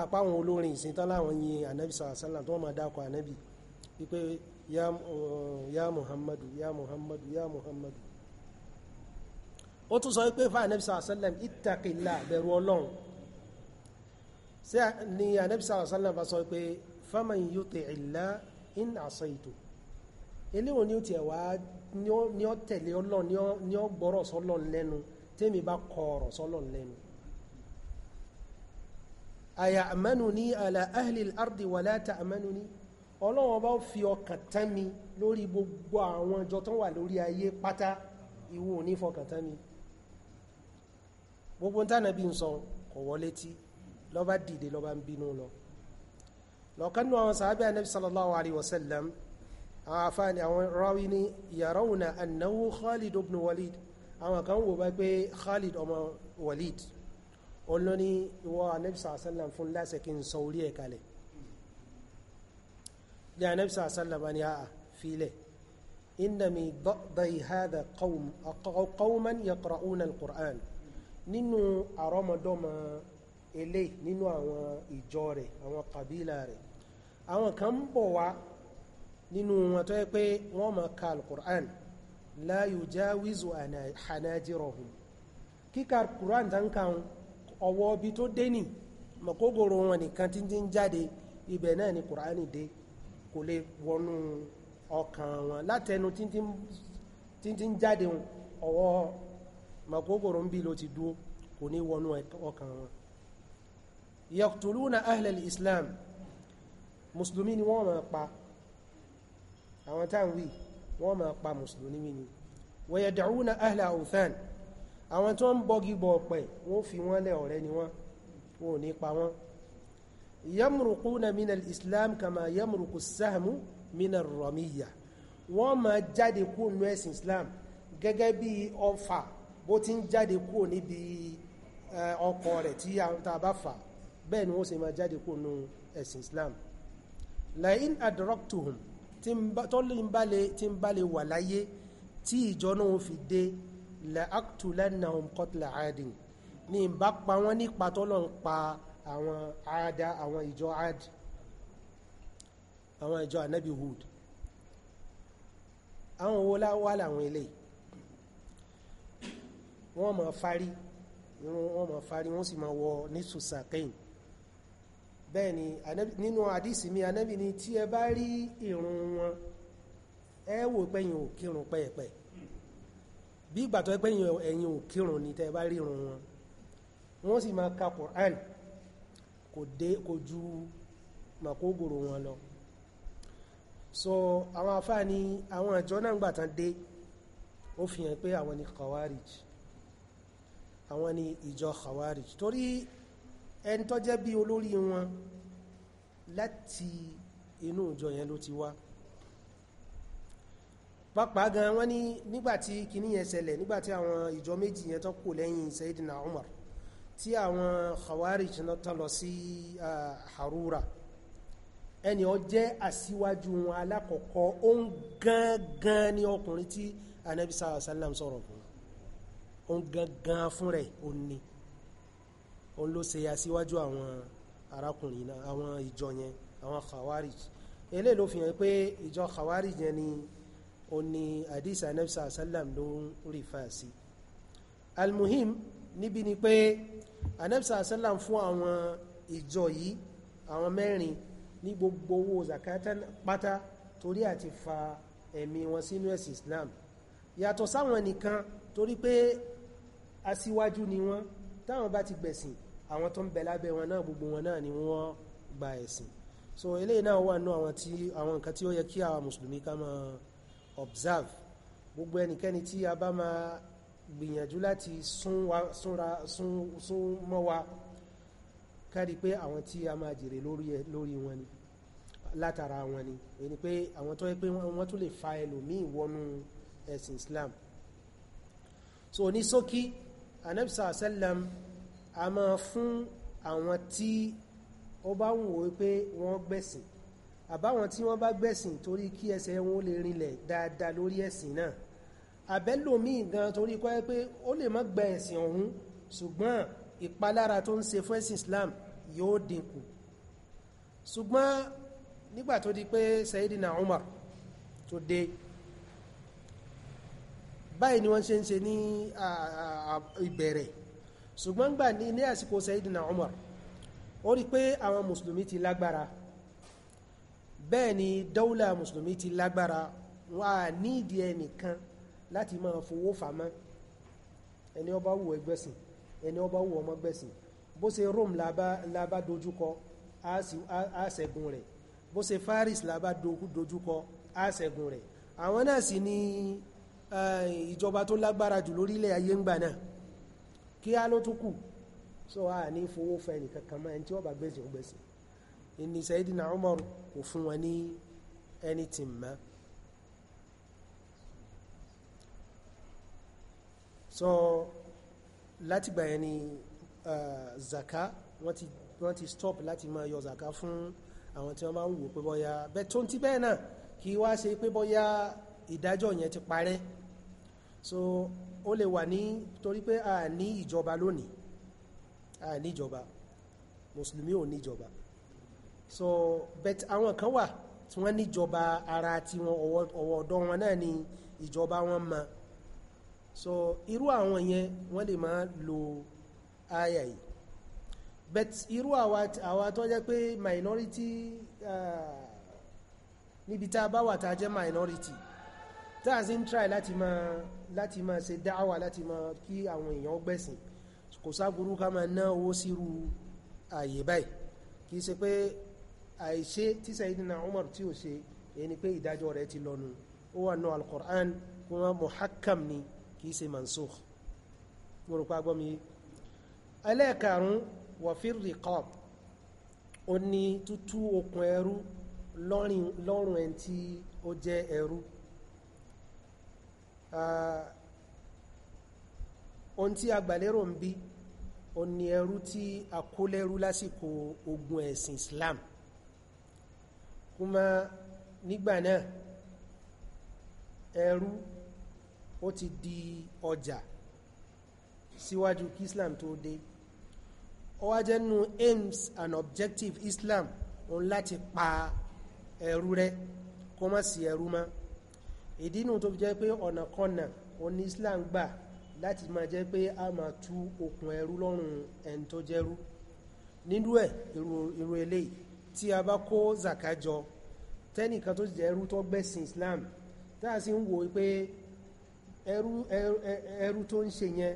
S1: àpáwọn olórin ìsìntán láwọn yin ànẹ́bí sàásẹ́lẹ̀ tí wọ́n máa dákọ̀ ànẹ́bí wípé ya Muhammadu ya Muhammadu ya Muhammadu ó tún sọ pé fún ànẹ́bí sàásẹ́lẹ̀ ìtàkìlà bẹ̀rù ọlọ́run sí ni ànẹ́bí sàásẹ́lẹ̀ bá sọ pé faman yuti'illah in asaitu eléwọ̀n ni ó tiẹ̀ wá ní ọ tẹ̀lé ọlọ́run ní ọ gbọ́rọ̀ sọlọ́run lẹ́nu tẹ́mi bá kọ ọ̀rọ̀ sọlọ́run lẹ́nu àyà àmánu ní àlà ahli ardi wà láta àmánu ní ọlọ́run bá fi ọkàn tán mi lórí gbogbo àwọn ìjọ tó wà lórí ayé pátá ìwọ ní fọkàn tán mi gbogbo ń tánà bí ń sọ kò wọlé tí lọ́ba dìde lọ́ba ń bínú lọ lọ́kànnú àwọn sàábẹ́ anábì sallallahu alayhi wa sallam àfáàní àwọn ráwí ní yarawna annahu Khalid ibn Walid àwọn kan wò bá pé Khalid ọmọ Walid olóní ìwọ anẹ́bìsà sallam fún láṣẹ kí n sọ orí ẹ̀ kalẹ̀ jẹ́ anẹ́bìsà sallam bá ní àà fílẹ̀ inna mi dọ́dọ̀ì hádà qawman yaqra'una al-Qur'an nínú àrọ́mọdọ́mọ eléyìí nínú àwọn ìjọ rẹ̀ àwọn kàbílà rẹ̀ àwọn kan bọ̀ wá nínú wọn tó yẹ pé wọ́n máa ka alukur'an la yujawizu hanajirahum kíka alukur'an tán kan ọwọ́ bí tó dé ní makogoro wọn nìkan tí ń jáde ibẹ̀ náà ni kur'an dé kò lè wọnú ọkàn wọn látẹnu títí ń jáde ọwọ́ makogoro ń bí ló ti dúó kò ní wọnú ọkàn wọn yaqtuluna ahlal islam musulumi ni wọ́n máa pa àwọn táwọn wí wọ́n máa pa mùsùlùmí ni wa yad'una ahla awthan àwọn tó ń bọ́gi bọ̀ ọ̀pẹ̀ wọ́n fi wọ́n lẹ̀ ọ̀rẹ́ ni wọ́n wọn ò ní pa wọ́n yamruquna min al-islam kama yamruqu as-sahmu min wọ́n máa jáde kúrò nínú ẹ̀sìn islam gẹ́gẹ́ bí ọfà bó ti ń jáde kúrò níbi ọkọ̀ rẹ̀ tí a bá fà bẹ́ẹ̀ ni wọ́n sì máa jáde kúrò nínú ẹ̀sìn islam la'in adraktuhum tí ń bá lè wà láyé tí ìjọ náà fi dé la'aqtulannahum qatla adin ní ìbá pa wọ́n nípa tọ́lọ̀ ń pa àwọn àádá àwọn ìjọ ad àwọn ìjọ anabi Hud àwọn owó láwá làwọn ilé wọ́n máa fárí wọ́n máa fárí wọ́n sì máa wọ ní sùsàkẹ́yìn bẹ́ẹ̀ ni nínú àdísì mi anábì ni tí ẹ bá rí ìrun wọn ẹ wò pẹ́yìn ò kírun pẹ́ẹ̀pẹ́ bí ìgbà tó pẹ́yìn ẹ̀yìn ò kírun ni tẹ́ bá rí ìrun wọn wọ́n sì máa ka Qur'an kò dé kò ju wọn lọ so àwọn afáà ni àwọn àjọ náà gbà tán dé ó fi hàn pé àwọn ni khawarij àwọn ni ìjọ khawarij torí ẹni tó jẹ́ bí olórí wọn láti inú ìjọ yẹn ló ti wá pàápàá gan wọ́n ní nígbàtí kìíní yẹn ṣẹlẹ̀ nígbàtí àwọn ìjọ méjì yẹn tó kù lẹ́yìn Sayyidina Umar tí àwọn Khawarij náà tán lọ sí Harura ẹni ó jẹ́ aṣíwájú wọn alákọ̀ọ́kọ́ ó ń gangan ní ọkùnrin tí Ànábì sallallahu alaihi wasallam sọ̀rọ̀ fún ó ń gangan fún rẹ̀ ó òun ló ṣe aṣíwájú àwọn arákùnrin náà àwọn ìjọ yẹn àwọn khawarij eléyìí ló fi hàn pé ìjọ khawarij yẹn ni ó ní hadith anabisa asalam ló ń rí fa sí almuhim níbi ni pé anabisa asalam fún àwọn ìjọ yìí àwọn mẹ́rin ní gbogbo owó zakatan pátá torí àti fa ẹ̀mí wọn sínú ẹ̀sìn islam yàtọ̀ sáwọn nìkan torí pé aṣíwájú ni wọ́n táwọn bá ti gbẹ̀sìn àwọn tó ń bẹ lábẹ́ wọn náà gbogbo wọn náà ni wọ́n gba ẹ̀sìn so eléyìí náà wà nú àwọn tí àwọn nǹkan tí ó yẹ kí àwọn mùsùlùmí ká máa observe gbogbo ẹnikẹ́ni tí a bá máa gbìyànjú láti sún mọ́ wa kárí pé àwọn tí a máa jèrè lórí wọn ni látara wọn ni ẹni pé àwọn tó yẹ pé wọ́n tún lè fa ẹlòmíì wọnú ẹ̀sìn Islam so ní ṣókí anabisa asalam a máa fún àwọn tí ó bá wù ó pé wọ́n gbẹ̀sìn àbáwọn tí wọ́n bá gbẹ̀sìn torí kí ẹsẹ̀ wọn ó lè rinlẹ̀ dáadáa lórí ẹ̀sìn náà àbẹ́lòmíì gan torí kọ́ ẹ pé ó lè má gba ẹ̀sìn ọ̀hún ṣùgbọ́n ìpalára tó ń ṣe fún ẹ̀sìn Islam yóò dínkù ṣùgbọ́n nígbà tó di pé Sayyidina Umar tó dé báyìí ni wọ́n ṣe ń ṣe ní ìbẹ̀rẹ̀ ṣùgbọ́n gbà ní ní àsìkò Sayyidina Umar ó rí pé àwọn mùsùlùmí ti lágbára bẹ́ẹ̀ ni dawla mùsùlùmí ti lágbára wà ní ìdí ẹnìkan láti máa fowó fàmọ́ ẹni ó bá wù ẹgbẹ́sìn ẹni ó bá wù ọmọ gbẹ̀sìn bó ṣe Rome labá dojúkọ á ṣẹ́gun rẹ̀ bó ṣe Faris labá dojúkọ á ṣẹ́gun rẹ̀ àwọn náà sì ni ìjọba tó lágbára jù lórílẹ̀ ayé ńgbà náà kí ló tún kù so a ní fowó fẹ́ nìkan kan mọ́ ẹni tí wọ́n bá gbèsè ó gbèsè ìní Sayyidina Umar kò fún wọn ní anything mọ́ so látìgbà yẹn ni uh, zaka wọ́n ti wọ́n ti stop láti máa yọ zaka fún àwọn tí wọ́n máa ń wò pé bọ́yá bẹ́ẹ̀ tó ń ti bẹ́ẹ̀ náà kí wá ṣe pé bọ́yá ìdájọ́ yẹn ti parẹ́ so ó lè wà ní torí pé a ní ìjọba lónìí a ní ìjọba mùsùlùmí ò ní ìjọba so but àwọn kan wà tí wọ́n níjọba ara tí wọn ọwọ́ ọ̀dọ̀ wọn náà ni ìjọba wọn ma so irú àwọn yẹn wọ́n lè máa lo aya yìí bet irú àwa tó jẹ́ pé minority uh, níbi tá a bá wà tá a jẹ́ minority táà sí ń try láti máa láti máa ṣe dáwà láti máa kí àwọn èèyàn gbẹ̀sìn kò sáburú ká máa ná owó sírú ààyè báyìí kìí ṣe pé àìṣe tí Sayyidina Umar tí ò ṣe èyí ni pé ìdájọ́ rẹ̀ ti lọ́nu ó wà náà al-Qur'an kuma muhakkam ni kìí ṣe mansukh mo rò pa gbọ́mi ẹlẹ́ẹ̀karùn-ún wa fir ó ní tútú okùn ẹrú lọ́rùn ẹni tí ó jẹ́ ẹrú Ah, ohun tí agbàlérò ń bí o ní ẹrú tí a kó lẹ́rú lásìkò ogun ẹ̀sìn Islam kúmá nígbà náà ẹrú ó ti di ọjà síwájú kí Islam tó dé ó wá jẹ́ aims and objective Islam òun láti pa ẹrú rẹ kó sí ẹrú mọ́ ìdí inú tó fi jẹ́ pé ọ̀nà kọ́nà oní Islam gbà láti máa jẹ́ pé a máa tú okùn ẹrú lọ́rùn ẹni tó jẹ́rú nínú ẹ̀ irú eléyìí tí a bá kó zaka jọ tẹ́nìkan tó jẹ́rú tó gbẹ̀sìn Islam tá a sì ń wo pé ẹrú ẹrú tó ń ṣe yẹn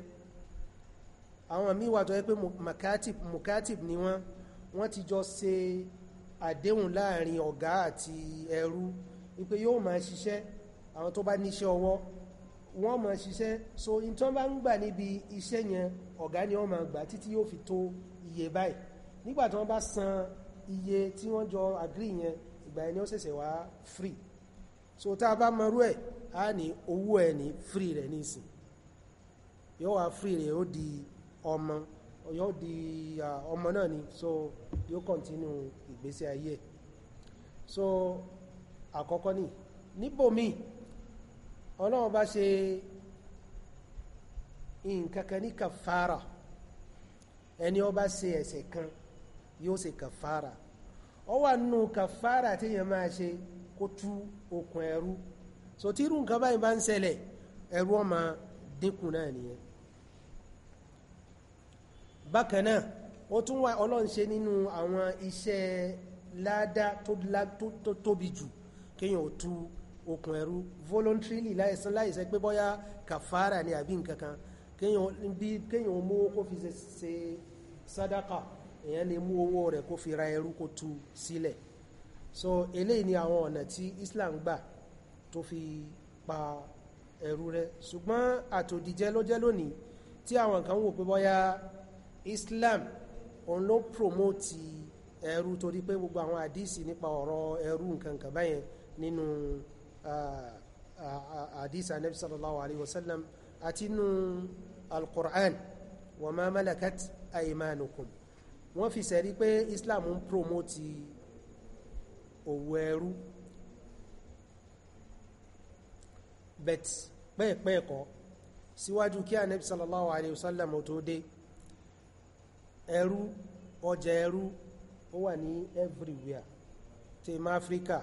S1: àwọn míì wà tó yẹ pé mukatib mukatib ni wọ́n wọ́n ti jọ ṣe àdéhùn láàrin ọ̀gá àti ẹrú wípé yóò máa ṣiṣẹ́ àwọn tó bá níṣẹ́ ọwọ́ wọ́n máa ṣiṣẹ́ so in tó bá ń gbà níbi iṣẹ́ yẹn ọ̀gá ni wọ́n máa gbà títí yóò fi tó iye báyìí nígbà tí wọ́n bá san iye tí wọ́n jọ agree yẹn ìgbà yẹn ni ó ṣẹ̀ṣẹ̀ wá free so tá a bá mọrú ẹ̀ á ní owó ẹ̀ ní free rẹ̀ nísìn yóò wá free rẹ̀ ó di ọmọ yóò di ọmọ náà ni so yóò continue ìgbésí ayé ẹ̀ so àkọ́kọ́ ni níbòmíì ọlọ́run bá ṣe nǹkan kan ní kàfàrà ẹni ó bá ṣe ẹ̀ṣẹ̀ kan yóò ṣe kàfàrà ó wà nínú kàfàrà tí yẹn máa ṣe kó tú okùn ẹrú so tí irú nǹkan báyìí bá ń ṣẹlẹ̀ ẹrú ó dínkù náà nìyẹn bákan náà ó tún wà ọlọ́run ṣe nínú àwọn iṣẹ́ ládá tó tóbi jù kéèyàn ó tú okùn okùn ẹ̀rú voluntarily láìsán láìsẹ́ pé bọ́yá kàfàrà ni àbí nkankan kéèyàn mú owó kó fi ṣe sádàkà èyàn lè mú owó rẹ̀ kó fi ra ẹrú kó tú sílẹ̀ so eléyìí ni àwọn ọ̀nà tí Islam gbà tó fi pa ẹrú rẹ̀ ṣùgbọ́n àtòdìjẹ ló jẹ́ lónìí tí àwọn kan wò pé bọ́yá Islam òun ló promote ẹrú torí pé gbogbo àwọn àdísì nípa ọ̀rọ̀ ẹrú nǹkan kan nínú àdísà nabi sallallahu alayhi wa sallam àti nù alqur'an wa ma malakat aymanukum wọ́n fi sẹ́rí pé islam ń promote òwò ẹrú bet pẹ́ẹ̀pẹ́ẹ̀ kọ́ síwájú kí ànábì sallallahu alayhi wa sallam tó dé ẹrú ọjà ẹrú ó wà ní everywhere tèmá Africa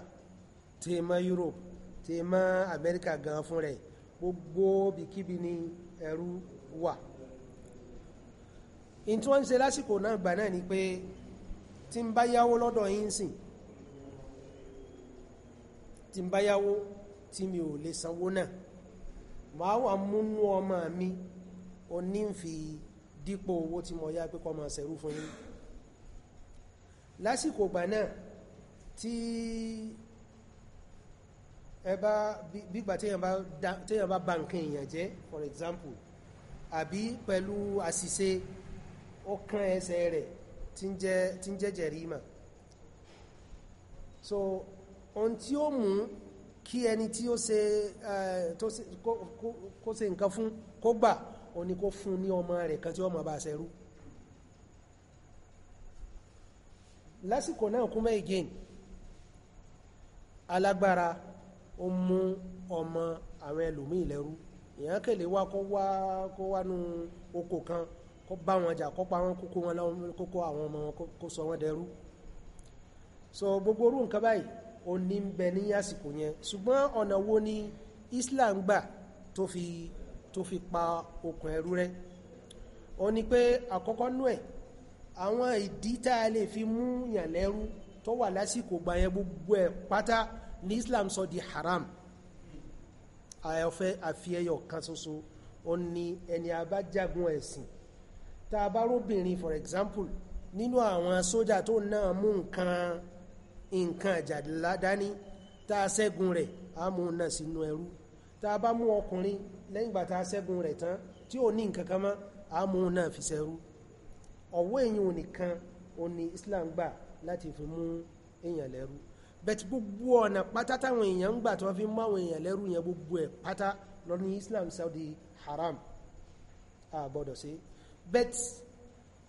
S1: tèmá Europe ti mọ́ Amẹ́ríkà gan fún rẹ̀ gbogbo bikíbi ni ẹrú wà in tí wọ́n ń ṣe lásìkò náà gbà náà ni pé tí ń bá yáwó lọ́dọ̀ yín sìn tí ń bá yáwó tí mi ò lè sanwó náà màá wà múnú ọmọ mi oní ń fi dípò owó tí mo yá pé kọ́ máa ṣẹ̀rú fún yín lásìkò gbà náà tí ẹ bá gbígbà téèyàn bá ba nǹkan èèyàn jẹ́ for example àbí pẹ̀lú àṣìṣe ó kán ẹsẹ̀ rẹ̀ tí ń jẹ́ jẹ̀rímà so ohun tí ó mú kí ẹni tí ó ṣe kó ṣe nǹkan fún kó gbà ó ní kó fún ní ọmọ rẹ̀ kan tí ọmọ bá ṣẹrú lásìkò náà kúmẹ́ again alágbára ó mú ọmọ àwọn ẹlòmíì lẹ́rú èèyàn kèlè wá kó wá kó wá nu oko kan kó bá wọn jà kó pa wọn kókó wọn kókó àwọn ọmọ wọn kó sọ wọn dẹrú so gbogbo orú nǹkan báyìí ó ní ń bẹ ní àsìkò yẹn ṣùgbọ́n ọ̀nà wo ni Islam gbà tó fi tó fi pa okùn ẹrú rẹ̀ ó ní pé àkọ́kọ́ nú ẹ̀ àwọn ìdí tá a lè fi mú yàn lẹ́rú tó wà lásìkò gbà yẹn gbogbo ẹ̀ pátá ní Islam sọ di haram àyọ̀fẹ́ àfihẹ́yọ̀ kan ṣoṣo ó ní ẹni abájagun ẹ̀sìn tá a bá róbìnrin for example nínú àwọn sójà tó náà mú nǹkan nǹkan àjàdá dání tá a ṣẹ́gun rẹ̀ á mú náà sínú ẹrú tá a bá mú ọkùnrin lẹ́yìn ìgbà tá a ṣẹ́gun rẹ̀ tán tí ò ní nǹkan kan mọ́ á mú náà fi ṣẹrú ọ̀wọ́ èyí ò nìkan ò ní Islam gbà láti fi mú èèyàn lẹ́rú bẹ́ẹ̀ tí gbogbo ọ̀nà pátá táwọn èèyàn ń gbà tí wọ́n fi ń mú àwọn èèyàn lẹ́rú yẹn gbogbo ẹ̀ pátá lọ ní Islam Saudi haram àgbọ́dọ̀ sí bẹ́ẹ̀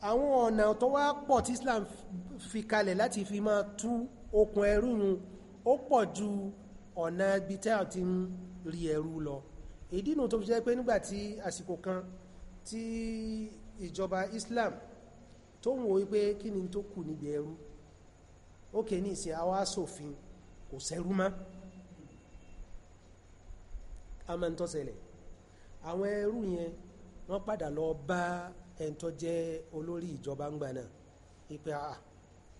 S1: àwọn ọ̀nà tó wá pọ̀ tí Islam fi kalẹ̀ láti fi máa tú okùn ẹrú yun ó pọ̀ ju ọ̀nà ibi tí a ti ń rí ẹrú lọ ìdí inú tó fi jẹ́ pé nígbàtí àsìkò kan tí ìjọba Islam tó ń wo wípé kí ni tó kù níbi ẹrú ókè ní ìsẹ̀ àwọn asòfin kò sẹ́rú mọ́ a máa ń tọ́sẹ̀lẹ̀ àwọn ẹrú yẹn wọ́n padà lọ bá ẹni tó olórí ìjọba ń gbà náà ipe a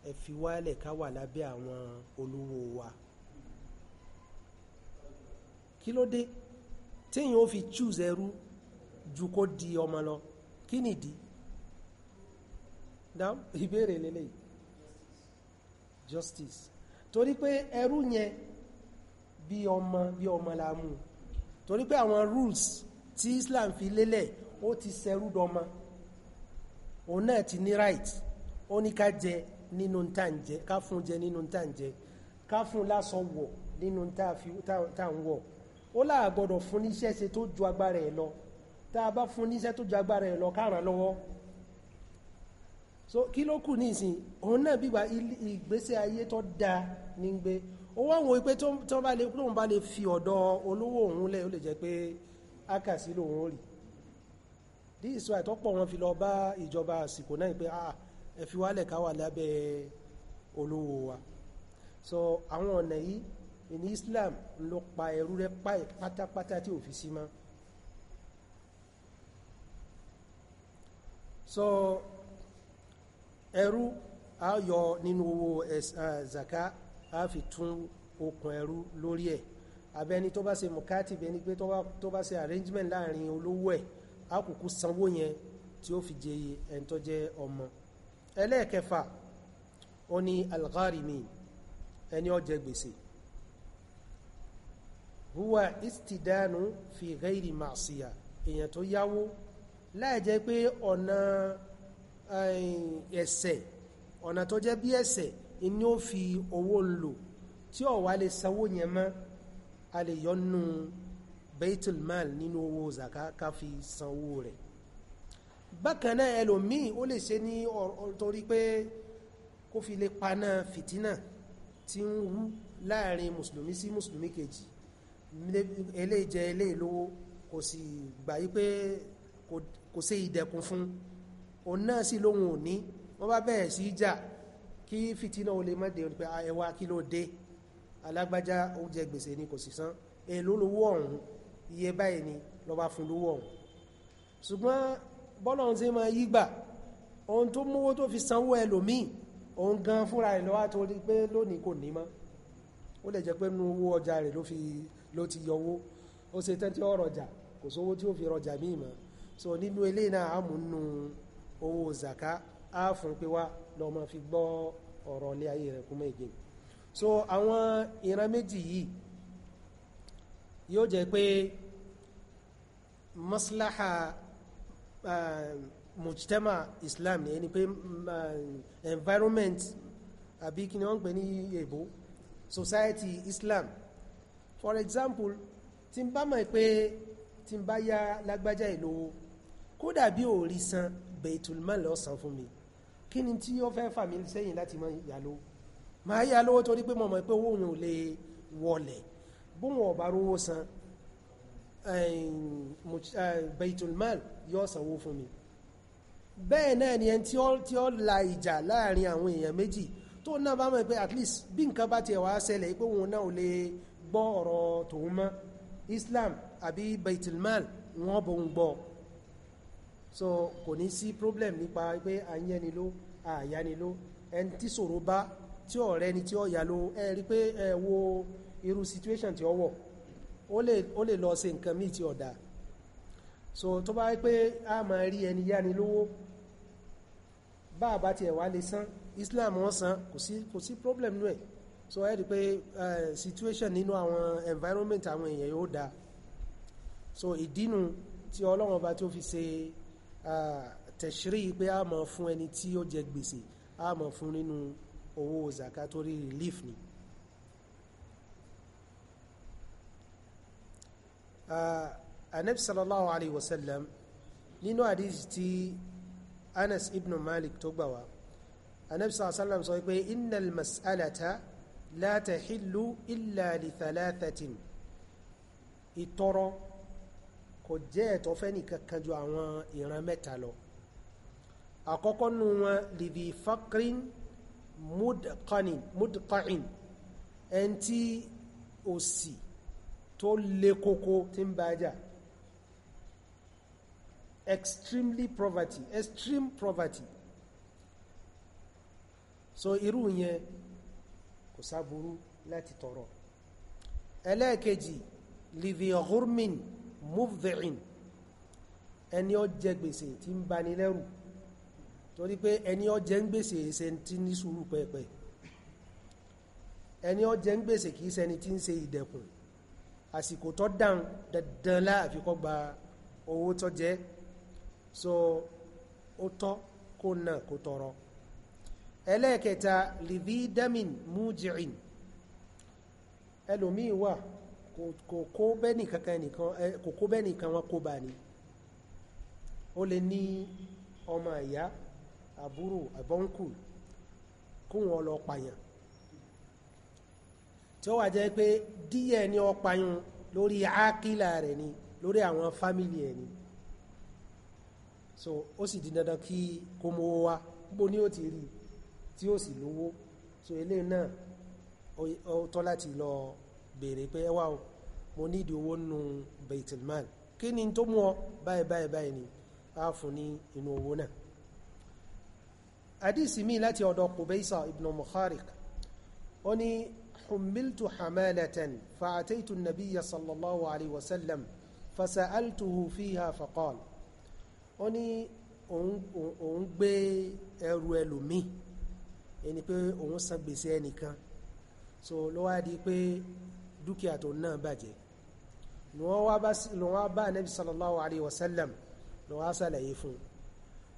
S1: ẹ fi wálẹ̀ ká wà lábẹ́ àwọn olówó wa kí ló dé téèyàn ó fi choose ẹrú ju kó di ọmọ lọ kí nìdí dáhùn ìbéèrè lélẹ́yìí justice torí pé ẹrú yẹn bí ọmọ bí ọmọ la torí pé àwọn rules tí Islam fi lélẹ̀ ó ti ṣẹrú dọmọ náà ti ní right ó ní ká jẹ nínú tá ń jẹ ká fún jẹ nínú tá ń jẹ ká fún lásán wọ nínú tá ń wọ ó láà fún níṣẹ́ ṣe tó ju agbára ẹ̀ lọ tá a bá fún níṣẹ́ tó ju agbára ẹ̀ lọ ká lọ́wọ́ so kí ló kù nísìn òun náà bígbà ìgbésẹ̀ ayé tó dáa ní gbé ó wá wọn pé tó bá lè kúrò bá lè fi ọ̀dọ̀ olówó òun lẹ̀ ó lè jẹ́ pé ákàsí lòun ò rí dí ìsọ àìtọ́pọ̀ wọn fi lọ bá ìjọba àsìkò náà pé ah ẹ fi wálẹ̀ ká wà lábẹ́ olówó wa so àwọn ọ̀nà yìí ní Islam ló pa ẹrú rẹ̀ pátápátá tí ò fi sí mọ́ so ẹrú a yọ nínú owó zaka a fi tún okùn ẹrú lórí ẹ̀ abẹ́ni tó bá ṣe mọ̀kátì bẹni pé tó bá ṣe arrangement láàrin olówó ẹ̀ a kúkú sanwó yẹn tí ó fi jẹye ẹni tó jẹ́ ọmọ ẹlẹ́ẹ̀kẹfà ó ní algharimi ẹni ó gbèsè huwa istidanu fi ghairi ma'siya èèyàn tó yáwó láì jẹ́ pé ọ̀nà Eh, ẹ̀sẹ̀ ọ̀nà tó jẹ́ bí ẹ̀sẹ̀ ni ó fi owó lò tí ó wá lè sanwó yẹn mọ́ a lè yọnu baitul mal nínú owó zaka ká fi sanwó rẹ̀ bákan náà ẹlòmíì ó lè ṣe ní torí pé kó fi lè paná fìtínà tí ń wú láàrin mùsùlùmí sí mùsùlùmí kejì eléjẹ eléèlówó kò sì gbà pé kò ṣe ìdẹ̀kùn fún un òun náà sì lóhun òní wọ́n bá bẹ̀rẹ̀ sí jà kí fìtínà ó lè má dé pé ẹwà kí ló dé alágbájá ó jẹ gbèsè ni kò sì san èló lówó ọ̀hún iye báyìí ni ló bá fún lówó ọ̀hún ṣùgbọ́n bọ́lọ̀ ń ṣe máa yígbà ohun tó mówó tó fi sanwó ẹlòmíì òun gan fúnra rẹ̀ lọ́wọ́ torí pé lónìí kò ní mọ́ ó lè jẹ́ pé nu owó ọjà rẹ̀ ló fi ló ti yọwó ó ṣe tẹ́tí ọ̀rọ̀ ọjà kò sówó tí ó fi rọjà míì mọ́ so nínú eléyìí náà á mú nù owó zaka á fún pé wá lọ ma fi gbọ́ ọ̀rọ̀ ilé ayé rẹ̀ kúmọ̀ ègè so àwọn ìran méjì yìí yóò jẹ́ pé maslaha uh, islam ni ẹni pé eh, environment àbí kí ni wọ́n ń ní èbó society islam for example tí n bá mọ̀ pé tí n bá ya lágbájá ìlówó kódà bí ò Baitul-Mal ló san fún mi kí ni tí ó fẹ́ fà mí sẹ́yìn láti máa yà lówó máa yà lówó torí pé mo pé owó yẹn lè wọlé bóun ọ̀bá rówó san Baitul-Mal yóò sanwó fún mi bẹ́ẹ̀ náà ni ẹni tí ó la ìjà láàrin àwọn èèyàn méjì tó náà bá mọ̀ pé at least bí nǹkan bá tiẹ̀ wá ṣẹlẹ̀ pé òun náà ò lè gbọ́ ọ̀rọ̀ tòun mọ́ Islam àbí Baitul-Mal wọ́n bóun gbọ́ ọ so kò ní sí problem nípa pé à ń yẹni ló àyáni ló ẹni tí ṣòro bá tí ọ̀rẹ́ ni tí ó yà ló ẹ rí pé ẹ wo irú situation tí ó wọ̀ ó lè lọ ṣe nǹkan míì tí ó so tó bá pé a máa rí ẹni yáni lówó bá a bá tiẹ̀ wá lè san Islam wọ́n san kò sí problem nú ẹ̀ so ẹ rí pé situation nínú àwọn environment àwọn èèyàn yóò dáa so ìdínú tí Ọlọ́run ọba tó fi ṣe tẹ̀ṣírí pé a máa fún ẹni tí ó jẹ gbèsè a máa fún nínú owó zaka torí relief ni anabi sallallahu alayhi wa sallam nínú àdíjì tí anas ibn malik tó gbà wá anabi sallallahu alayhi wa sallam sọ pé innal mas'alata la tahillu thalathatin ìtọrọ kò jẹ́ ẹ̀tọ́ fẹ́ni kankan ju àwọn ìran mẹ́ta lọ àkọ́kọ́ nu wọn lèdè fakrin mudqa'in ẹni tí òsì tó le koko tí ń bájá extremely poverty extreme poverty so irú yẹn kò sáburú láti tọrọ ẹlẹ́ẹ̀kejì lèdè ghurmin mufdhi'in ẹni ó jẹ gbèsè tí ń bani lẹ́rù torí pé ẹni ó jẹ ń gbèsè ṣe ti ní sùúrù pẹ́ẹ̀pẹ́ ẹni ó jẹ ń gbèsè kìí ṣẹni tí ń ṣe ìdẹ̀kùn àsìkò tó dáhùn dandan láàfi gba owó tó jẹ so ó tọ́ kó náà kó tọrọ ẹlẹ́ẹ̀kẹta lidhi damin muji'in ẹlòmíì kò kó bẹ́ẹ̀nì kankan nìkan kò kó bẹ́ẹ̀nì kan wọn kó bá ní ó lè ní ọmọ ìyá àbúrò àbọ́nkù kó wọn pààyàn tí ó wà jẹ́ pé díẹ̀ ní ọpàyàn lórí ákílà rẹ̀ ni lórí àwọn fámìlì ẹ̀ ni so ó sì di dandan kí kó mówó wá gbogbo ní ó ti rí tí ó sì lówó so eléyìí náà ó tọ́ láti lọ béèrè pé ẹ wá o mo nídìí owó nù baitilmal kí ni tó mú ọ báyìí báyìí báyìí ni a fún ní inú owó náà hadisi mi láti ọ̀dọ̀ Qubaysa ibn Mukhariq ó ní حملت حمالة فأتيت النبي صلى الله عليه وسلم فسألته فيها فقال أني òun gbé ẹrù ẹlòmí ẹni pé òun san gbèsè ẹnìkan so ló wá di pé dúkìá tó náà bàjẹ́ ni wọ́n bá anabi sallallahu alayhi wa sallam ni wọ́n sàlàyé fún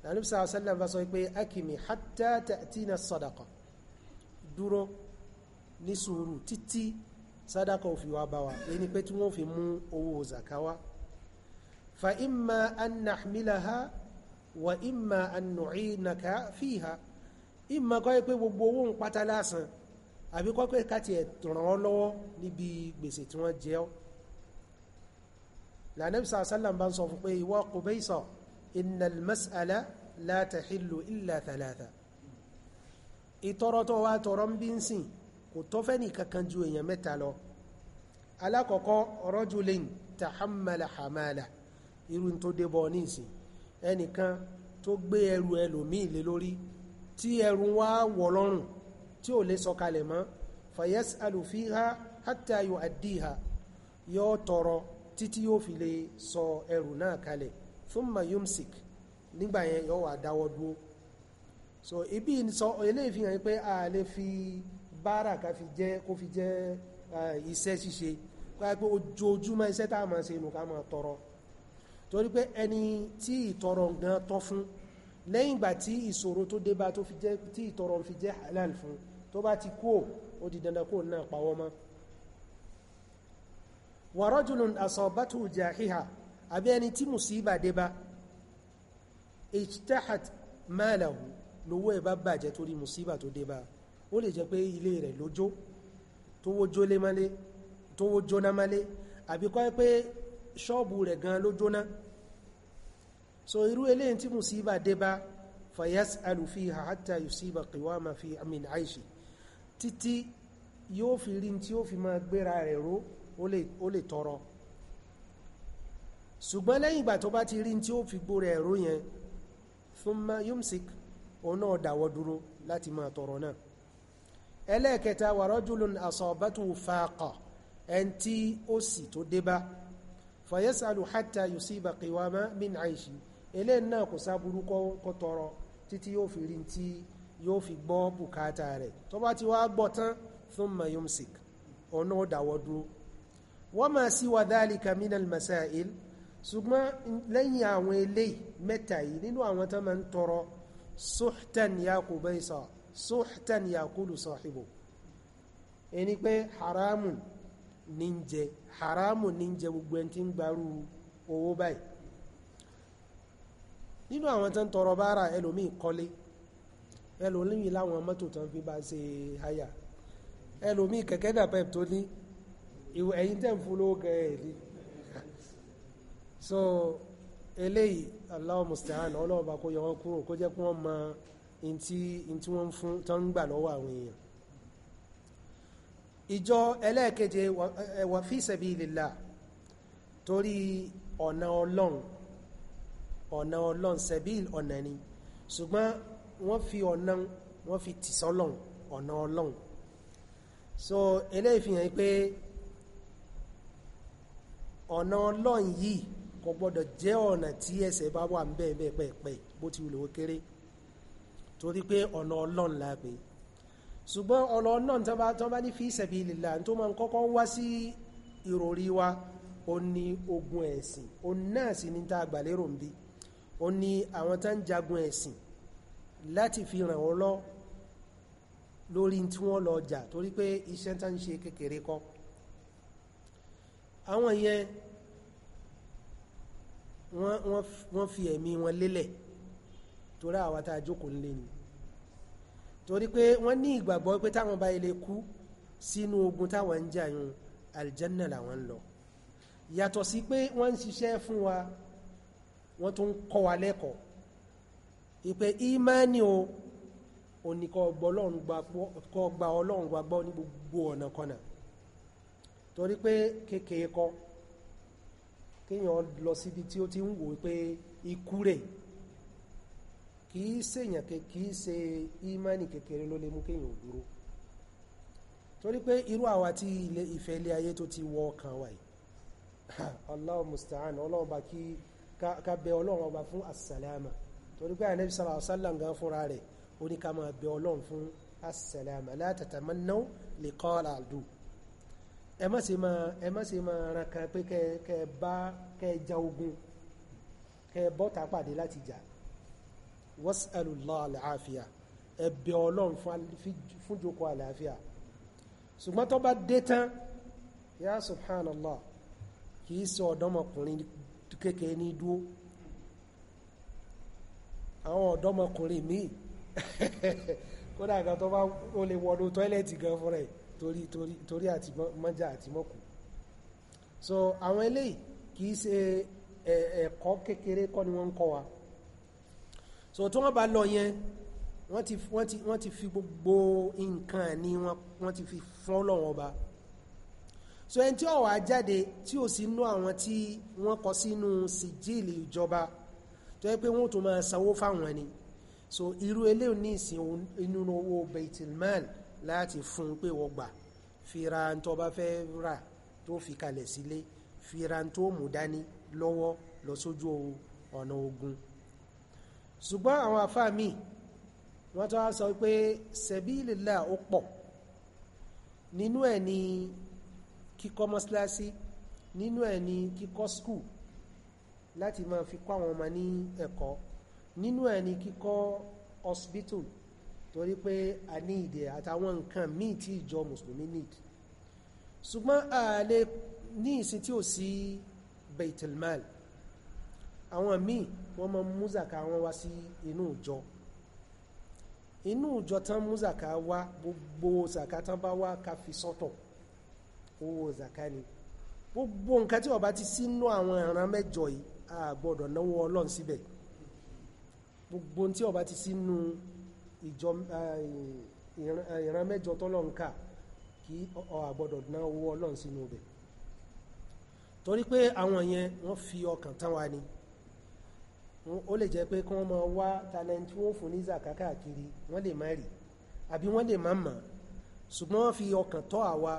S1: anabi sallallahu alayhi wa sallam bá sọ pé akimi hatta ta'tina sadaqa dúró ní sùúrù títí sadaqa ò fi wá bá wa èyí ni pé tí wọ́n fi mú owó zakawa fa imma an nahmilaha wa imma an nu'inaka fiha ìmọ̀ kọ́ pé gbogbo owó ń pátá lásán àbí kọ́ pé ká tiẹ̀ ràn ọ́ lọ́wọ́ níbi gbèsè tí wọ́n jẹ ọ́ lànàbí sàásàlám bá ń sọ fún pé ìwọ Qubaysa innal mas'ala la tahillu illa thalatha ìtọrọtọ wa tọrọ ń bí ń sìn kò tọ́fẹ́ ní kankan ju èèyàn mẹ́ta lọ alákọ̀ọ́kọ́ rajulin tahammala hamala irun tó débọ̀ ní ìsìn ẹnìkan tó gbé ẹrù ẹlòmíì lé lórí tí ẹrù wá wọ̀ lọ́rùn tí ò lè sọ̀kalẹ̀ mọ́ fayas'alu fiha hatta yu'addiha yóò tọrọ títí yóò fi lè sọ ẹrù náà kalẹ̀ thumma yumsik nígbà yẹn yóò wà dáwọ́ dúró so ibi sọ eléyìí fi hàn pé a lè fi bára ká fi jẹ́ kó fi jẹ́ iṣẹ́ ṣíṣe pé ojoojúmọ́ iṣẹ́ tá a máa ṣe nù ká máa tọrọ torí pé ẹni tí ìtọrọ gan tọ́ fún lẹ́yìn ìgbà tí ìṣòro tó dé tó fi jẹ́ tí ìtọrọ fi jẹ́ halal fún tó bá ti kú ó di dandan kó náà pawọ́ mọ́ wa rajulun asabatu jahiha àbí ẹni tí mùsíbà dé bá ijtahat malahu lówó ẹ̀ bá bàjẹ́ torí mùsíbà tó dé bá ó lè jẹ́ pé ilé rẹ̀ lójó tówó jólé málé tówó jóná málé àbí kọ́ pé ṣọ́ọ̀bù rẹ̀ gan ló jóná so irú eléyìn tí mùsíbà dé bá fayas'alu fiha hatta yusiba qiwama fi min aishi títí yóò fi rí tí ó fi máa gbéra rẹ̀ ró ó lè tọrọ ṣùgbọ́n lẹ́yìn ìgbà tó bá ti rí tí ó fi gbó rẹ̀ ẹ̀rọ yẹn thumma yumsik òun náà dáwọ́ dúró láti máa tọrọ náà ẹlẹ́ẹ̀kẹta wa rajulun asabatu faqa ẹn tí ó sì tó débá fayasalu hatta yusiba qiwama min aishi ilé náà kò sáburú kó tọrọ títí yóò fi rí tí yóò fi gbọ́ bùkátà rẹ̀ tó bá ti wá gbọ́ tán thumma yumsik òun náà dáwọ́ dúró wama siwa dhalika minal masail ṣùgbọ́n lẹ́yìn àwọn eléyìí mẹ́ta yìí nínú àwọn tó máa ń tọrọ suhtan ya qubaysa suhtan yakulu sahibu ẹni pé haramun ní ń jẹ haramun ní ń jẹ gbogbo ẹni tí ń gbarú owó báyìí nínú àwọn tó ń tọrọ bára ẹlòmíì kọ́lé ẹlòmíì láwọn mọ́tò tó ń fi bá ṣe háyà ẹlòmíì kẹ̀kẹ́ dàpẹ́ tó ní ìwé ẹ̀yìn tẹ́ ń fún lówó gẹ̀ẹ́ èlé so eléyìí Allahu musta'an ọlọ́run bá kó yọ wọn kúrò kó jẹ́ kí wọ́n mọ ntí ntí wọ́n ń fún tó ń gbà lọ́wọ́ àwọn èèyàn ìjọ ẹlẹ́ẹ̀keje wa fi sabilillah torí ọ̀nà ọlọ́run ọ̀nà ọlọ́run sẹ̀bíl ọ̀nà ni ṣùgbọ́n wọ́n fi ọ̀nà wọ́n fi tìsọ́lọ́run ọ̀nà ọlọ́run so eléyìí fi hàn pé ọ̀nà ọlọ́run yìí kò gbọ́dọ̀ jẹ́ ọ̀nà tí ẹsẹ̀ bá wà ń bẹ́ẹ̀ bẹ́ẹ̀ pẹ̀pẹ̀ bó ti wùlò kéré torí pé ọ̀nà ọlọ́run la pè ṣùgbọ́n ọ̀nà ọlọ́run tó bá bá ní fi sabilillah tó máa ń kọ́kọ́ wá sí ìròrí wa ó ní ogun ẹ̀sìn ó náà sì ní tá a gbàlérò ń bí ó ní àwọn tá ń jagun ẹ̀sìn láti fi ràn wọ́n lọ lórí tí wọ́n lọ jà torí pé iṣẹ́ tá ń ṣe kékeré kọ́ àwọn yẹn wọ́n fi ẹ̀mí wọn lélẹ̀ torí àwa tá a jókòó nílé ni torí pé wọ́n ní ìgbàgbọ́ pé táwọn bá ilé kú sínú ogun táwọn ń jà yun aljanna làwọn ń lọ yàtọ̀ sí pé wọ́n ń ṣiṣẹ́ fún wa wọ́n tún kọ́ wa lẹ́kọ̀ọ́ ìpè ìmánì o ò ọlọ́run gbàgbọ́ ní gbogbo ọ̀nà kọ́nà torí pé kékeré kọ́ kéèyàn lọ síbi tí ó ti ń wò pé ikú rẹ̀ kìí ṣèyàn kìí ṣe ìmánì kékeré ló lè mú kéèyàn dúró torí pé irú àwa tí ilé ìfẹ́ ilé ayé tó ti wọ ọkàn wa yìí Allahu musta'an ọlọ́run bá kí ká bẹ ọlọ́run ọba fún àsàlámà torí pé ànábì sallallahu alaihi gan fúnra rẹ̀ ó ní ká máa bẹ ọlọ́run fún àsàlámà la tatamannaw liqa al-adu ẹ má ṣe máa ẹ má ṣe máa ran kan pé kẹ kẹ bá kẹ ja ogun kẹ bọ́ta pàdé láti jà wasalullah alaafiya ẹ bẹ̀ Ọlọ́run fún jókòó àlàáfíà ṣùgbọ́n tó bá dé tán yá subhanallah kìí sọ ọ̀dọ́mọkùnrin kékeré ní dúó àwọn ọ̀dọ́mọkùnrin míì kódà gan tó bá ó lè wọnú tọ́ílẹ̀tì gan fúnra ẹ̀ torí torí torí àti mọ́já àti mọ́kù so àwọn eléyìí kì í ṣe ẹ̀kọ́ kékeré kọ́ ni wọ́n ń kọ́ wa so tí wọ́n bá lọ yẹn wọ́n ti wọ́n ti wọ́n ti fi gbogbo nǹkan ní wọ́n ti fi fún Ọlọ́run ọba so ẹni tí ó wá jáde tí ò sí nú àwọn tí wọ́n kọ sínú sìjíìlì ìjọba tó yẹ pé wọ́n tó máa sanwó fáwọn ẹni so irú eléyìí ní ìsìn inú owó baitilmal láti fún un pé wọ́n gbà fira ń tó bá fẹ́ rà tó fi kalẹ̀ sílé fira ń tó mú dání lọ́wọ́ lọ sójú ọ̀nà ogun ṣùgbọ́n àwọn àfáà míì wọ́n tó wá sọ pé sẹ̀bílìlà ó pọ̀ nínú ẹ̀ ni kíkọ́ mọ́síláṣí nínú ẹ̀ ni kíkọ́ skul láti máa fi kọ́ àwọn ọmọ ní ẹ̀kọ́ nínú ẹ̀ ni kíkọ́ hospital torí pé a ní ìdè àtàwọn nǹkan míì tí ìjọ mùsùlùmí need ṣùgbọ́n a lè ní ìsìn tí ò sí baitulmal àwọn míì wọ́n mọ múzàká wọn wá sí inú ìjọ inú ìjọ tán múzàká wá gbogbo zàká tán bá wá ká fi sọ́tọ̀ owó zàká ni gbogbo nǹkan tí ó bá ti sínú àwọn ìran mẹ́jọ yìí a gbọ́dọ̀ náwó ọlọ́run síbẹ̀ gbogbo tí ó ti sínú Eh, eh, ìran mẹ́jọ tọ́lọ̀ ń kà kí ọ àgbọ́dọ̀ náà owó ọlọ́run sínú ibẹ̀ torí pé àwọn yẹn wọ́n fi ọkàn tán wa ni ó lè jẹ́ pé kí wọ́n máa wá talent wọ́n fún ní káàkiri wọ́n lè má àbí wọ́n lè má mọ̀ ṣùgbọ́n wọ́n fi ọkàn tọ́ àwa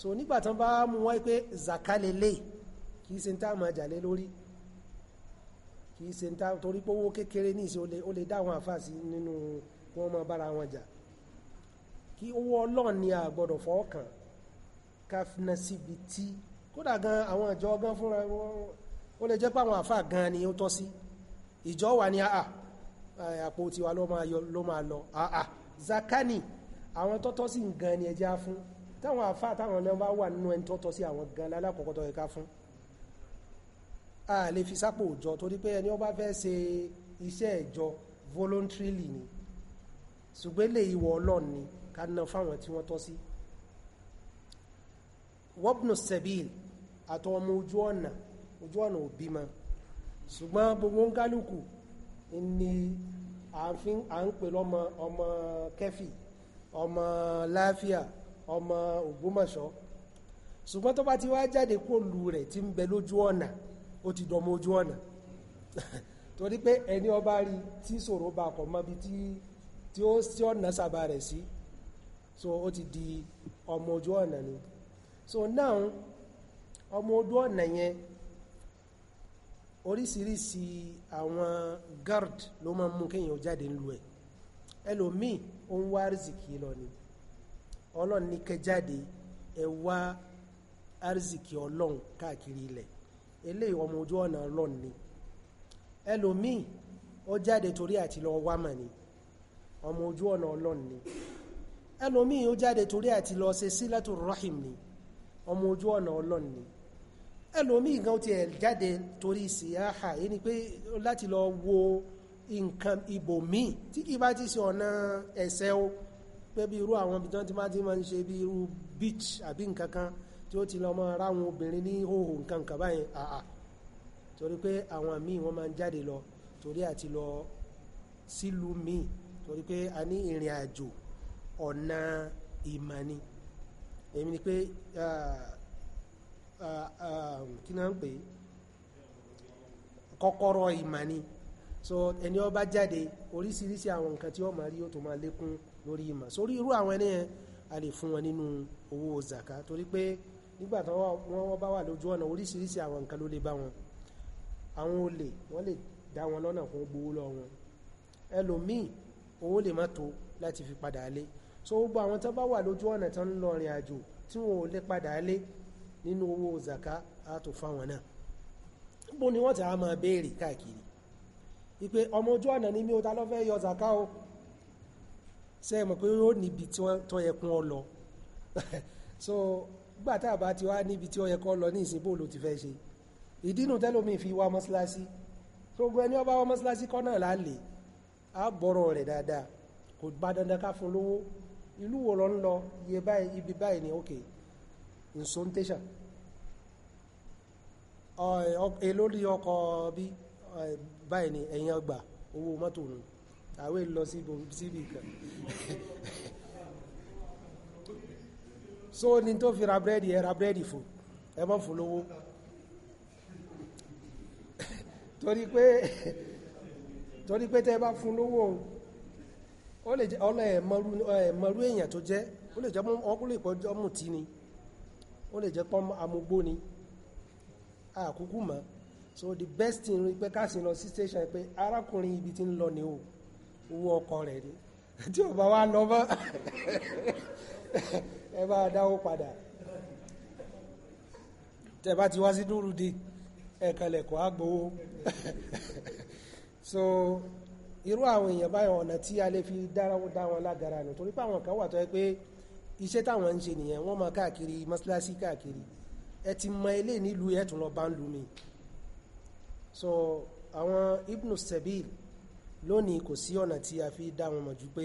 S1: so nígbà tán bá mú wáyé pé zaka lélẹ̀ kì í ṣe ń tá máa jà lé lórí kì í ṣe ń tá torí pé owó kékeré ní ìṣe ó lè dá àwọn àfáà sí nínú kí wọ́n máa bára wọn jà kí owó ọlọ́run ni a gbọ́dọ̀ fọwọ́ kàn ká na síbi tí kódà gan àwọn ìjọ gan fúnra wọn ó lè jẹ́ pé àwọn gan ni ó tọ́ sí ìjọ wà ní àà àpò tiwa ló máa lọ àà zakani àwọn tọ́tọ́ sí gan ni ẹjá fún táwọn àfáà táwọn náà bá wà nínú ẹni tọ́tọ́ sí àwọn gan lálákọ̀ọ́kọ́ tó yẹ ká fún a lè fi sápò òjọ torí pé ẹni ó fẹ́ ṣe iṣẹ́ ìjọ voluntarily ni ṣùgbọ́n eléyìí ìwọ Ọlọ́run ni ká ná fáwọn tí wọ́n tọ́ sí wọ́pnù sẹ̀bíl àtọ ọmọ ojú ọ̀nà ojú ọ̀nà òbí ma ṣùgbọ́n gbogbo ń kálùkù ni à ń pè lọ́mọ ọmọ kẹfì ọmọ láàfíà ọmọ Ògbómọ̀ṣọ́ ṣùgbọ́n tó bá ti wá jáde kó lu rẹ̀ tí ń bẹ lójú ọ̀nà ó ti dọmọ ojú ọ̀nà torí pé ẹni ọba rí tí ṣòro bá kọ̀ mọ́bi tí tí ó tí ó nà sábà rẹ̀ sí so ó ti di ọmọ ojú ọ̀nà ni so now ọmọ ojú ọ̀nà yẹn oríṣiríṣi àwọn guard ló máa mú kéèyàn jáde ń lu ẹ̀ ẹlòmíì ó ń wá rìsìkì lọ ni ọlọ́run ní kẹjáde ẹ wá arzikì ọlọ́run káàkiri ilẹ̀ eléyìí ọmọ ojú ọ̀nà ọlọ́run ni ẹlòmíì ó jáde torí àti lọ wá mà ni ọmọ ojú ọ̀nà ọlọ́run ni ẹlòmíì ó jáde torí àti lọ ṣe sílẹ̀tù rahim ni ọmọ ojú ọ̀nà ọlọ́run ni ẹlòmíì gan ti ẹ̀ jáde torí síyáhà yìí ni pé láti lọ wo nǹkan ibòmíì tí kì bá ti ṣe ọ̀nà ẹ̀sẹ̀ o pé bí irú àwọn ibi tán ti máa ti máa ń ṣe bí irú beach àbí nǹkan kan tí ó ti lọ mọ́ ráwọn obìnrin ní hóhò nǹkan kan báyẹn àà torí pé àwọn míì wọ́n máa ń jáde lọ torí àti lọ sílùú míì torí pé a ní ìrìn àjò ọ̀nà ìmání èmi ni pé kí náà ń pè kọ́kọ́rọ́ ìmání so ẹni ó bá jáde oríṣiríṣi àwọn nǹkan tí ó máa rí ó tó máa lékún lórí ìmọ̀ sórí irú àwọn ẹni yẹn a lè fún wọn nínú owó zaka torí pé nígbà tí wọ́n bá wà lójú ọ̀nà oríṣiríṣi àwọn nǹkan ló lè bá wọn àwọn olè wọ́n lè dá wọn lọ́nà fún gbowó lọ wọn ẹlòmíì owó lè má tó láti fi padà lé so gbogbo àwọn tó bá wà lójú ọ̀nà tó ń lọ rìn àjò tí wọn ò lè padà lé nínú owó zaka á tó fáwọn náà bó ni wọ́n ti á máa béèrè káàkiri ipe ọmọ ojú ọ̀nà ni mí o ta ló fẹ́ yọ zaka o ṣe mọ̀ pé ó níbi tí wọ́n tó yẹ kún ọ lọ so gbà tá a bá ti wá níbi tí ó yẹ kún lọ ní ìsìn bó ti fẹ́ ṣe ìdínú tẹ́lómi fi wá mọ́sálásí gbogbo ẹni ọba wá mọ́sálásí kọ́ náà láàlè á gbọ́rọ̀ rẹ̀ dáadáa kò bá dandan ká fún lówó ìlú wo lọ ń ibi báyìí ni òkè nso ń tẹ̀sà elórí ọkọ̀ bí báyìí ni ẹ̀yìn ọgbà owó mọ́tò nù àwọn èlò síbi kan so ni tó fi ra búrẹ́dì ẹ ra búrẹ́dì fún ẹ mọ́ torí pé tẹ́ bá fún lówó ó lè jẹ́ ọlọ ẹ̀mọ̀rú èèyàn tó jẹ́ ó lè jẹ́ ọkùnrin ìpọ́jọ́ mù tí ni ó lè jẹ́ pọ́n amúgbó ni àkúkú mọ́ so the best thing rí pé káàsì lọ sí station pé arákùnrin ibi tí ń lọ ni o owó ọkọ rẹ̀ ni tí ò bá wá lọ mọ́ ẹ bá dáwó padà tẹ́ bá ti wá sí dúró di ẹ̀kẹlẹ̀kọ̀ àgbowó so irú àwọn èèyàn báyìí ọ̀nà tí a lè fi dá wọn lágara nù torí pé àwọn kan wà tó yẹ pé iṣẹ́ táwọn ń ṣe nìyẹn wọ́n máa káàkiri mọ́sálásí káàkiri ẹ ti mọ ilé nílùú ẹ̀ tún lọ bá ń lu mi so àwọn ibnu sebil lónìí kò sí ọ̀nà tí a fi dá wọn mọ̀ ju pé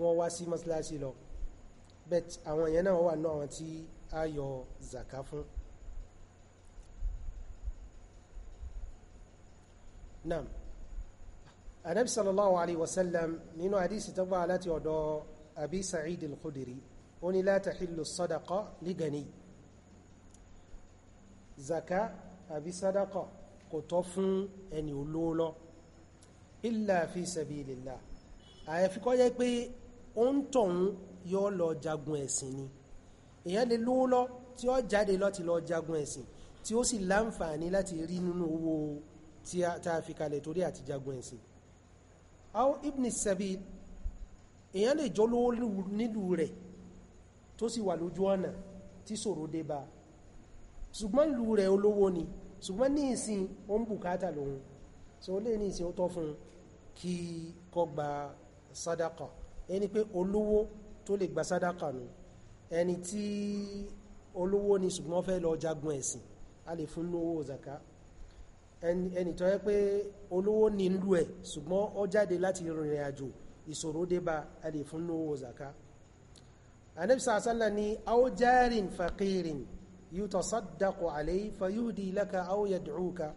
S1: wọ́n wá sí mọ́sálásí lọ bet àwọn èèyàn náà wà náà àwọn tí a yọ zaka fún náà anabi sallallahu alayhi wa sallam nínú àdísì tó gbà láti ọ̀dọ̀ abi sa'id al-khudiri ó ní la tahillu sadaqa li gani zaka àbí sadaqa kò tọ́ fún ẹni olówó lọ illa fi sabilillah àyàfi kó jẹ́ pé ó ń tọ̀hún yọ́ lọ jagun ẹ̀sìn ni èyàn lè lówó lọ tí ó jáde ti lọ jagun ẹ̀sìn tí ó sì láǹfààní láti rí nínú owó tí a fi kalẹ̀ torí àti jagun ẹ̀sìn aw ibni sabil èèyàn lè jọ lówó nílùú rẹ̀ tó sì wà lójú ọ̀nà tí ṣòro dé bá ṣùgbọ́n ìlú rẹ̀ olówó ni ṣùgbọ́n ní ìsìn ó ń bùkátà lòun so ó lè ní ìsìn ó tọ́ fún kí kó gba sadaka ẹni pé olówó tó lè gba sádàkà nù ẹni tí olówó ni ṣùgbọ́n fẹ́ lọ jagun ẹ̀sìn a lè fún lówó zaka ẹni tó yẹ pé olówó ní ìlú ẹ̀ ṣùgbọ́n ó jáde láti rìnrìn àjò ìṣòro dé bá a lè fún lówó zaka anabi sàásánlá ni aw jarin faqirin yutasaddaqu alayhi fayuhdi laka aw yad'uka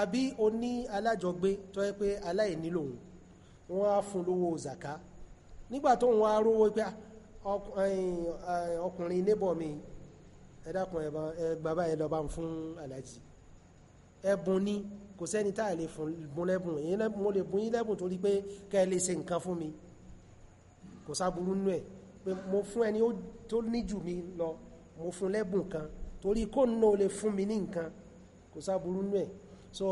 S1: àbí o ní alájọgbé tó yẹ pé aláìní lòun wọ́n á fún lówó zaka nígbà tó wọ́n á rówó pé ah, ọkùnrin níbọ̀ mi ẹ dákun ẹ bàbá ẹ lọ bá ń fún alájì ẹ̀bùn ni kò sẹ́ni tá à lè fún bùn lẹ́bùn èyí mo lè bùn yín lẹ́bùn torí pé kẹ́ ẹ lè ṣe nǹkan fún mi kò sáburú nú ẹ̀ pé mo fún ẹni tó ní jù lọ mo fún lẹ́bùn kan torí kó nínú o lè fún mi ní nǹkan kò sáburú nú ẹ̀ so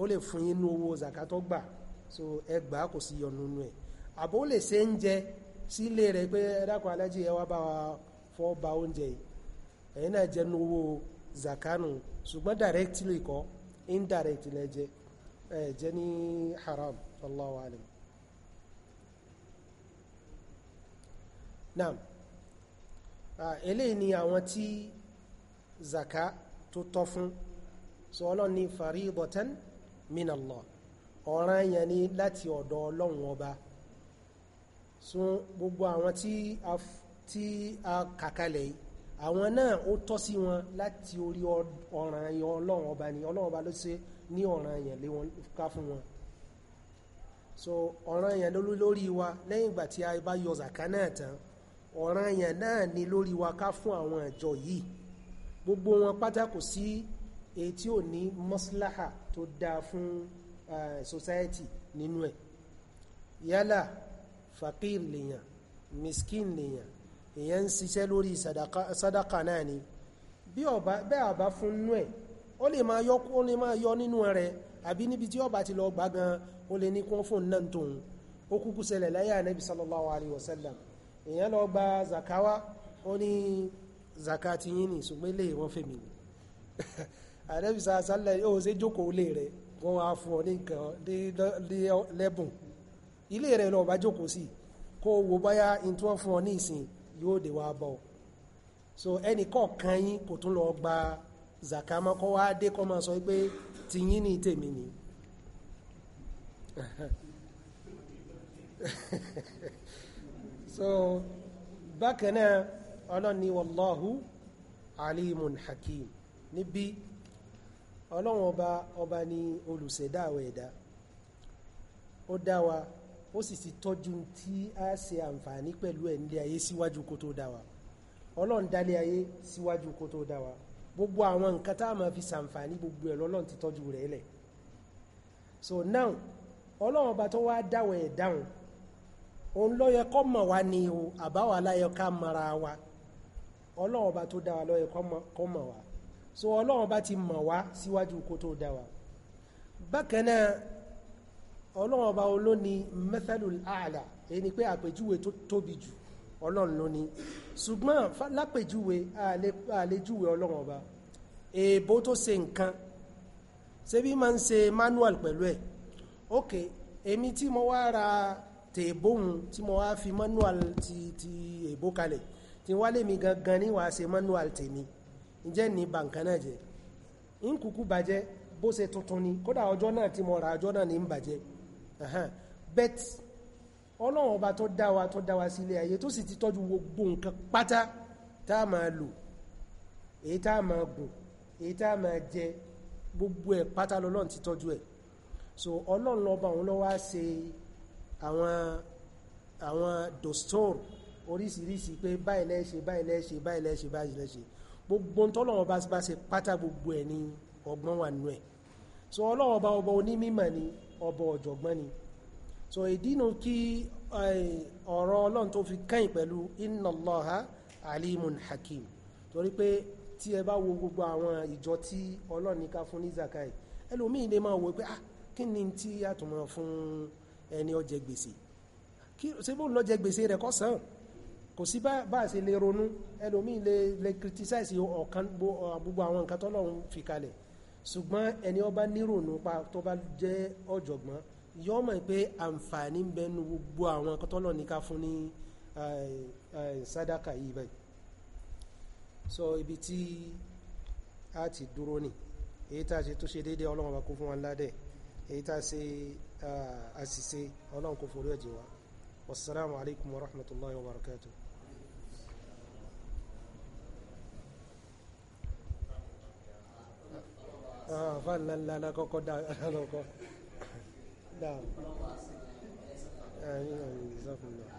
S1: ó lè fún yín nú owó zakatọ́ gbà so ẹ gbà kò sí yọnu nú ẹ̀ àbó lè ṣe ń jẹ sílé rẹ̀ pé ẹ dákun alájí ẹ wá bá wa fọ́ ba oúnjẹ yìí ẹ̀yin náà jẹ́ nú owó zakanu ṣùgbọ́n directly kọ́ indirect lẹ́jẹ́ ẹ̀jẹ́ ní haram wallahu alim naam eléyìí ni àwọn tí zaka to tọ́ fún so ọlọ́run ni faridatan min Allah ọ̀ràn yẹn ni lati ọ̀dọ̀ ọlọ́run ọba so gbogbo awon ti a kàkalẹ̀ yìí àwọn náà ó tọ́ sí wọn láti orí ọ̀ràn ẹ̀yàn ọlọ́run ọba ni ọlọ́run ọba ló ṣe ní ọ̀ràn ẹ̀yàn lé wọn ká fún wọn so ọ̀ràn ẹ̀yàn lórí wa lẹ́yìn ìgbà tí a bá yọ zàká náà tán ọ̀ràn ẹ̀yàn náà ni lórí wa ká fún àwọn àjọ yìí gbogbo wọn pátá kò sí èyí tí ò ní mọ́síláhà tó dáa fún uh, society nínú ẹ̀ yálà fakir lèèyàn miskin lèèyàn èèyàn ń ṣiṣẹ́ lórí sadaka náà ni bí ọba bẹ́ẹ̀ àbá fún nú ẹ̀ ó lè máa yọ ó lè máa yọ nínú rẹ̀ àbí níbi tí ọba ti lọ gbá gan ó lè ní kún fún náà tóun ó kúkú ṣẹlẹ̀ láyé ànábì sallallahu alayhi wa sallam èèyàn lọ gba zakawa ó ní zakati yín ní ṣùgbọ́n ilé wọn fèmí ni ànábì sallallahu alayhi wa sallam ó ṣe jókòó lé rẹ̀ wọ́n wá fún ọ ní nǹkan lẹ́bùn ilé rẹ̀ lọ́ọ́ bá jókòó sí kó wo báyá ìtúwọ́ fún ọ ní ìsìn yóò dé wá bọ̀ so ẹnì kọ̀ọ̀kan yín kò tún lọ gba zakama kọ́ wá dé kọ́ máa sọ pé tìyín ní tèmi ni so bákan náà ọlọ́ni wallahu alimun hakim níbi ọlọ́run ọba ọba ni olùṣẹ̀dá ó dá ó sì ti tọ́jú tí a ṣe àǹfààní pẹ̀lú ẹ̀ nílé ayé síwájú kó tó dá wa ọlọ́run dálé ayé síwájú kó tó dá wa gbogbo àwọn nǹkan tá a máa fi ṣàǹfààní gbogbo ẹ̀ lọ́lọ́run ti tọ́jú rẹ̀ lẹ̀ so now ọlọ́run ọba tó wá dáwọ̀ ẹ̀ dáhùn òun ló yẹ kó mọ̀ wá ni o àbáwá láyọ ká mara wa ọlọ́run ọba tó dá wa ló mọ̀ wá so ọlọ́run ọba ti mọ̀ wá síwájú kó tó dá bákan náà ọlọ́run ọba olóni mathalul a'la èyí ni pé àpèjúwe tó tóbi jù ọlọ́run ló ní ṣùgbọ́n lápèjúwe àlejúwe ọlọ́run ọba èèbó tó ṣe nǹkan ṣe máa ń ṣe manual pẹ̀lú ẹ̀ ok èmi tí mo wá ra tèèbóhun tí mo wá fi manual ti ti èèbó kalẹ̀ tí wá lè mi gangan ní wàá ṣe manual tèmi ǹjẹ́ ní bàǹkan náà jẹ́ ń kúkú bàjẹ́ bó ṣe tuntun ni kódà ọjọ́ náà tí mo ra ọjọ́ náà ní ń bàjẹ́ bet ọlọ́run ọba tó dá wa tó dá wa sí ilé ayé tó sì ti tọ́jú gbogbo nǹkan pátá tá a máa lò èyí tá a gùn èyí tá a jẹ gbogbo ẹ̀ pátá lọ́lọ́run ti tọ́jú ẹ̀ so ọlọ́run lọ́ba òun lọ́wọ́ á ṣe àwọn àwọn dostor oríṣiríṣi pé báyìí lẹ́ṣe báyìí lẹ́ṣe báyìí lẹ́ṣe báyìí lẹ́ṣe gbogbo tọ́lọ́wọ́ bá ṣe pátá gbogbo ẹ̀ ní ọgbọ́n wà nù ẹ̀ so ọlọ́wọ́ bá ọba onímímọ̀ ni ọba ọ̀jọ̀gbọ́n ni so ìdínú kí ọ̀rọ̀ ọlọ́run tó fi kẹ́yìn pẹ̀lú inna Allaha alimun hakim torí pé tí ẹ bá wo gbogbo àwọn ìjọ tí ọlọ́run ní ká fún ní zakai ẹlòmíì lè máa wò pé ah kí ni tí a tún máa fún ẹni ó jẹ gbèsè kí ṣe bó ló gbèsè rẹ̀ kó san kò sí bá ṣe lè ronú ẹlòmíì lè criticize ọ̀kan gbogbo àwọn nǹkan tọ́lọ́run fi kalẹ̀ ṣùgbọ́n ẹni ọba nírònú pa tó bá jẹ́ ọ̀jọ̀gbọ́n yọ́ mọ̀ pé àǹfààní ń bẹnu gbogbo àwọn akọ́tọ́lọ̀ ní fún ní sádàkà yìí báyìí so ibi tí a ti dúró ni èyí tá a ṣe tó ṣe déédéé ọlọ́run ọba kó fún wa ládẹ̀ èyí tá a ṣe àṣìṣe ọlọ́run kó forí ẹ̀jẹ̀ wa wasalaamu wa rahmatulahi wa barakatuh àfa ńlá ńlá náà kọ́kọ́ dá lọ́kọ́ dá ẹ̀yìn ẹ̀yìn ìsọ́kùnrin náà.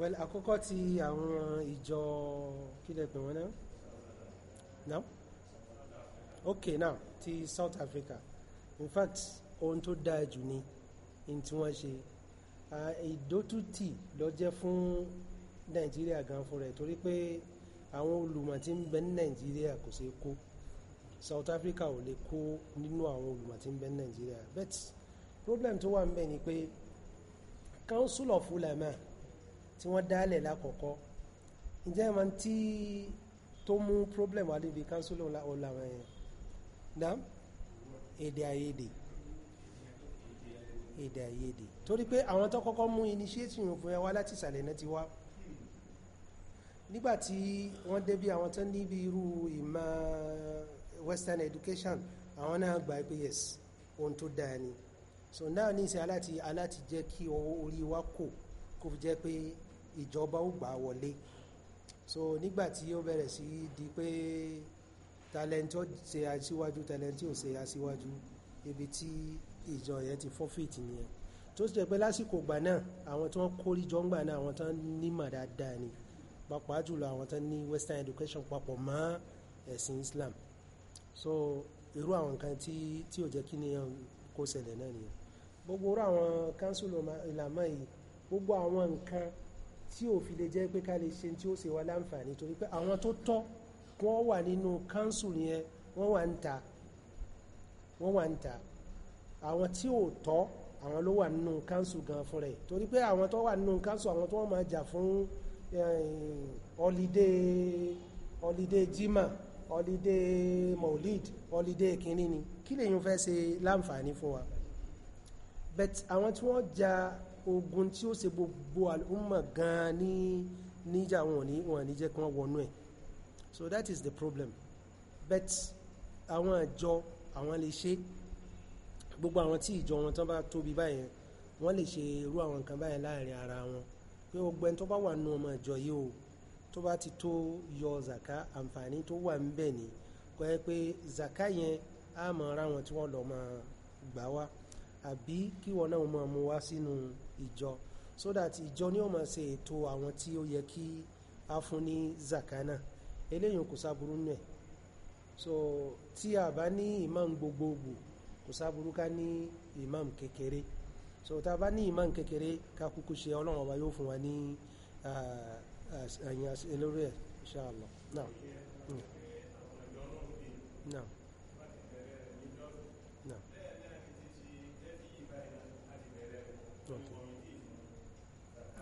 S1: well àkọ́kọ́ ti àwọn ìjọ kílẹ̀ pè wọ́n náà no Okay, now ti South Africa in fact ohun tó dáa jù ni in tí wọ́n ṣe ìdótútì ló jẹ́ fún Nàìjíríà gan fún rẹ̀ torí pé àwọn olùmọ̀ tí ń bẹ ní Nàìjíríà kò ṣe kó South Africa ò lè kó nínú àwọn olùmọ̀ tí ń bẹ ní Nàìjíríà but problem tó wà ń bẹ ni pé Council of Ulama tí wọ́n dálẹ̀ lákọ̀ọ́kọ́ ǹjẹ́ ẹ̀ tí tó mú problem wá níbi kánsílò ọ̀làwọ̀n yẹn dám èdè àìyedè èdè àìyedè torí pé àwọn tó kọ́kọ́ mú initiative fún ẹ wá láti ìsàlẹ̀ náà ti wá nígbàtí wọ́n débi àwọn tó níbi irú ìmọ̀ western education àwọn náà gbà pé yes ohun tó dáa ni so náà ní ìsẹ́ aláti aláti jẹ́ kí orí wa kò kò jẹ́ pé ìjọba ó gbà wọlé so nígbà tí ó bẹ̀rẹ̀ sí di pé talent ó ṣe aṣíwájú talent ó ṣe aṣíwájú ibi tí ìjọ yẹn ti forfeit nìyẹn tó ṣe pé lásìkò gbà náà àwọn tí wọ́n kórí jọ ń gbà náà àwọn tí wọ́n nímọ̀ dáadáa ni pàápàá jùlọ àwọn tí wọ́n ní western education papọ̀ mọ́ ẹ̀sìn Islam so irú àwọn nǹkan tí tí ò jẹ́ kí ni kó ṣẹlẹ̀ náà nìyẹn gbogbo irú àwọn council ìlàmọ́ yìí gbogbo àwọn nǹkan tí ò fi lè jẹ́ pé ká lè ṣe tí ó ṣe wá láǹfààní torí pé àwọn tó tọ́ wọ́n wà nínú kánsù yẹn wọ́n wà ń ta wọ́n wà ń ta àwọn tí ò tọ́ àwọn ló wà nínú kánsù gan fún rẹ̀ torí pé àwọn tó wà nínú kánsù àwọn tó wọ́n máa jà fún ọlídé eh, ọlídé jimá ọlídé maulid ọlídé kínní ni kí lèyìn fẹ́ ṣe láǹfààní fún wa but àwọn tí wọ́n jà ogun tí ó ṣe gbogbo al'umma gan ní níjà wọn ní wọn ní jẹ́ kí wọ́n wọnú ẹ̀ so that is the problem but àwọn àjọ àwọn lè ṣe gbogbo àwọn tí ìjọ wọn tán bá tóbi báyẹn wọ́n lè ṣe irú àwọn nǹkan báyẹn láàrin ara wọn pé ọgbẹ́ni tó bá wà nù ọmọ ìjọ yìí o tó bá ti tó yọ zaka àǹfààní tó wà ń bẹ̀ ni kò yẹ pé zaka yẹn á mọ̀ ara wọn tí wọ́n lọ máa gbà wá àbí kí wọn náà máa mú wá sínú. Si ìjọ so that ìjọ ni ó máa ṣe ètò àwọn tí ó yẹ kí a fún ní zakana eléyìí kò sáburú nù ẹ̀ so tí a bá ní imam gbogbogbò kò sáburú ká ní imam kékeré so tá a bá ní imam kékeré ká kúkú ṣe ọlọ́run ọba yóò fún wa ní ẹ̀yìn lórí ẹ̀ inshallah náà. Hmm. náà.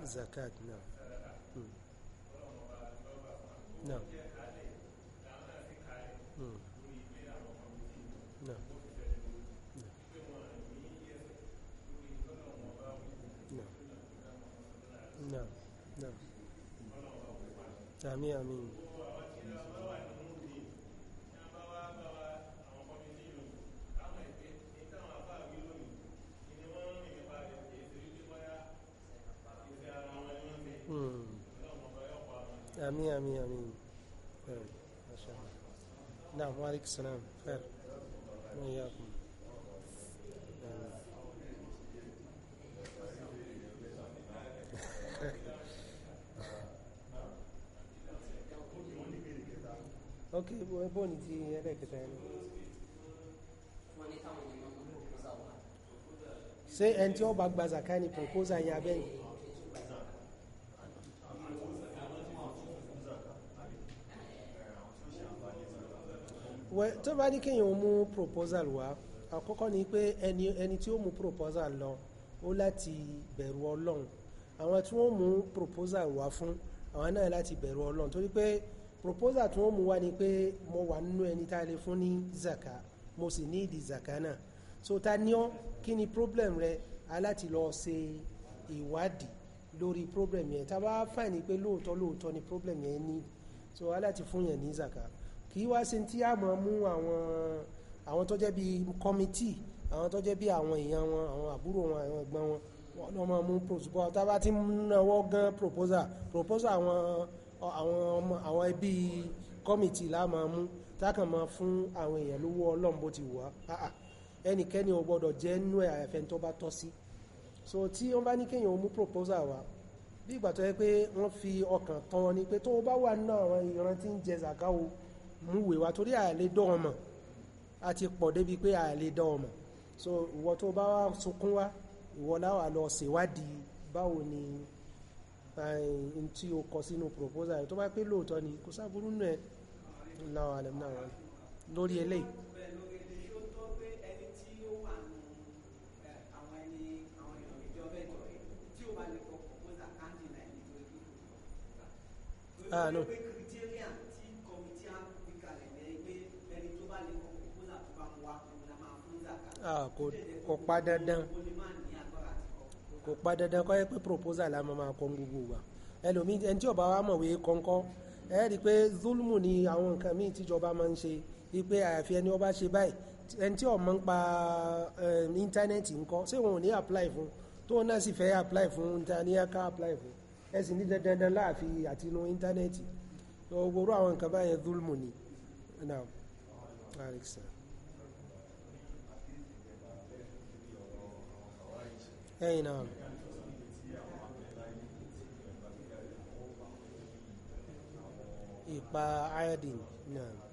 S1: zakat náà náà náà náà náà àmín àmín. آمين آمين آمين ما شاء الله نعم وعليك السلام خير وإياكم ok bó ni ti ẹlẹ́kẹta ẹni. ṣé ẹni tí wọ́n bá gba zakani proposal tó bá ní kéèyàn mú proposal wá àkọ́kọ́ ni pé ẹni ẹni tí ó mú proposal lọ ó láti bẹ̀rù ọlọ́run àwọn tí wọ́n mú proposal wá fún àwọn náà láti bẹ̀rù ọlọ́run torí pé proposal tí wọ́n mú wá ni pé mo wà nínú ẹni tá a lè fún ní zaka mo sì ní ìdí zaka náà so ta ní ọ́ kí ni problem rẹ aláti lọ ṣe ìwádìí lórí problem yẹn tá a bá fàìn ni pé lóòótọ́ lóòótọ́ ni problem yẹn ní so aláti fún yẹn ní zaka kì í wá ṣe tí a máa mú àwọn àwọn tó jẹ́ bí kọ́mítì àwọn tó jẹ́ bí àwọn èèyàn wọn àwọn àbúrò wọn àwọn ẹ̀gbọ́n wọn wọ́n lọ́ máa mú proposal tá a bá ti náwó gan proposal proposal àwọn àwọn ọmọ àwọn ẹbí kọ́mítì la máa mú tákàn máa fún àwọn èèyàn lówó ọlọ́run bó ti wà á ẹnikẹ́ni ò gbọ́dọ̀ jẹ́ nú ẹ̀ tó bá tọ́ sí so tí wọ́n bá ní kéèyàn ó mú proposal wá bí ìgbà tó yẹ pé wọ́n fi ọkàn tán ni pé tó o bá wà nínú àwọn ìran ń jẹ zàkáwo mú wèé wá torí àlè dọ́wọ́n mọ̀ a ti pọ̀ débi pé àlè dọ́wọ́n mọ̀ so ìwọ tó bá wá sunkún wá ìwọ láwà lọ ṣèwádìí báwo ni eh, n tí o kọ sínú proposal tó bá pé lóòótọ́ ni kò sáburú nù ẹ láwà àlẹ́ lórí eléyìí. Ah, no. Ah, kò pa dandan kò pa dandan kọ́ ẹ pé proposal la máa kọ́ gbogbo wa ẹlòmíì ẹni tí ọba wa mọ̀ wé kọ́ńkọ́ ẹ rí i pé zulmu ni àwọn nǹkan míì tíjọba máa ń ṣe wípé àyàfi ẹni ọba ṣe báyìí ẹni tí ọmọ ń pa íńtánẹ́ẹ̀tì ń kọ́ ṣé wọn ò ní apply fún tó náà sì fẹ́ apply fún íńtánẹ́ẹ̀ká apply fún ẹ sì ní dandan láàfin àti inú íńtánẹ́ẹ̀tì gbogbo àwọn nǹkan báyẹn zulmu ni. Now, Alexa. اي نعم إيقاع عاد نعم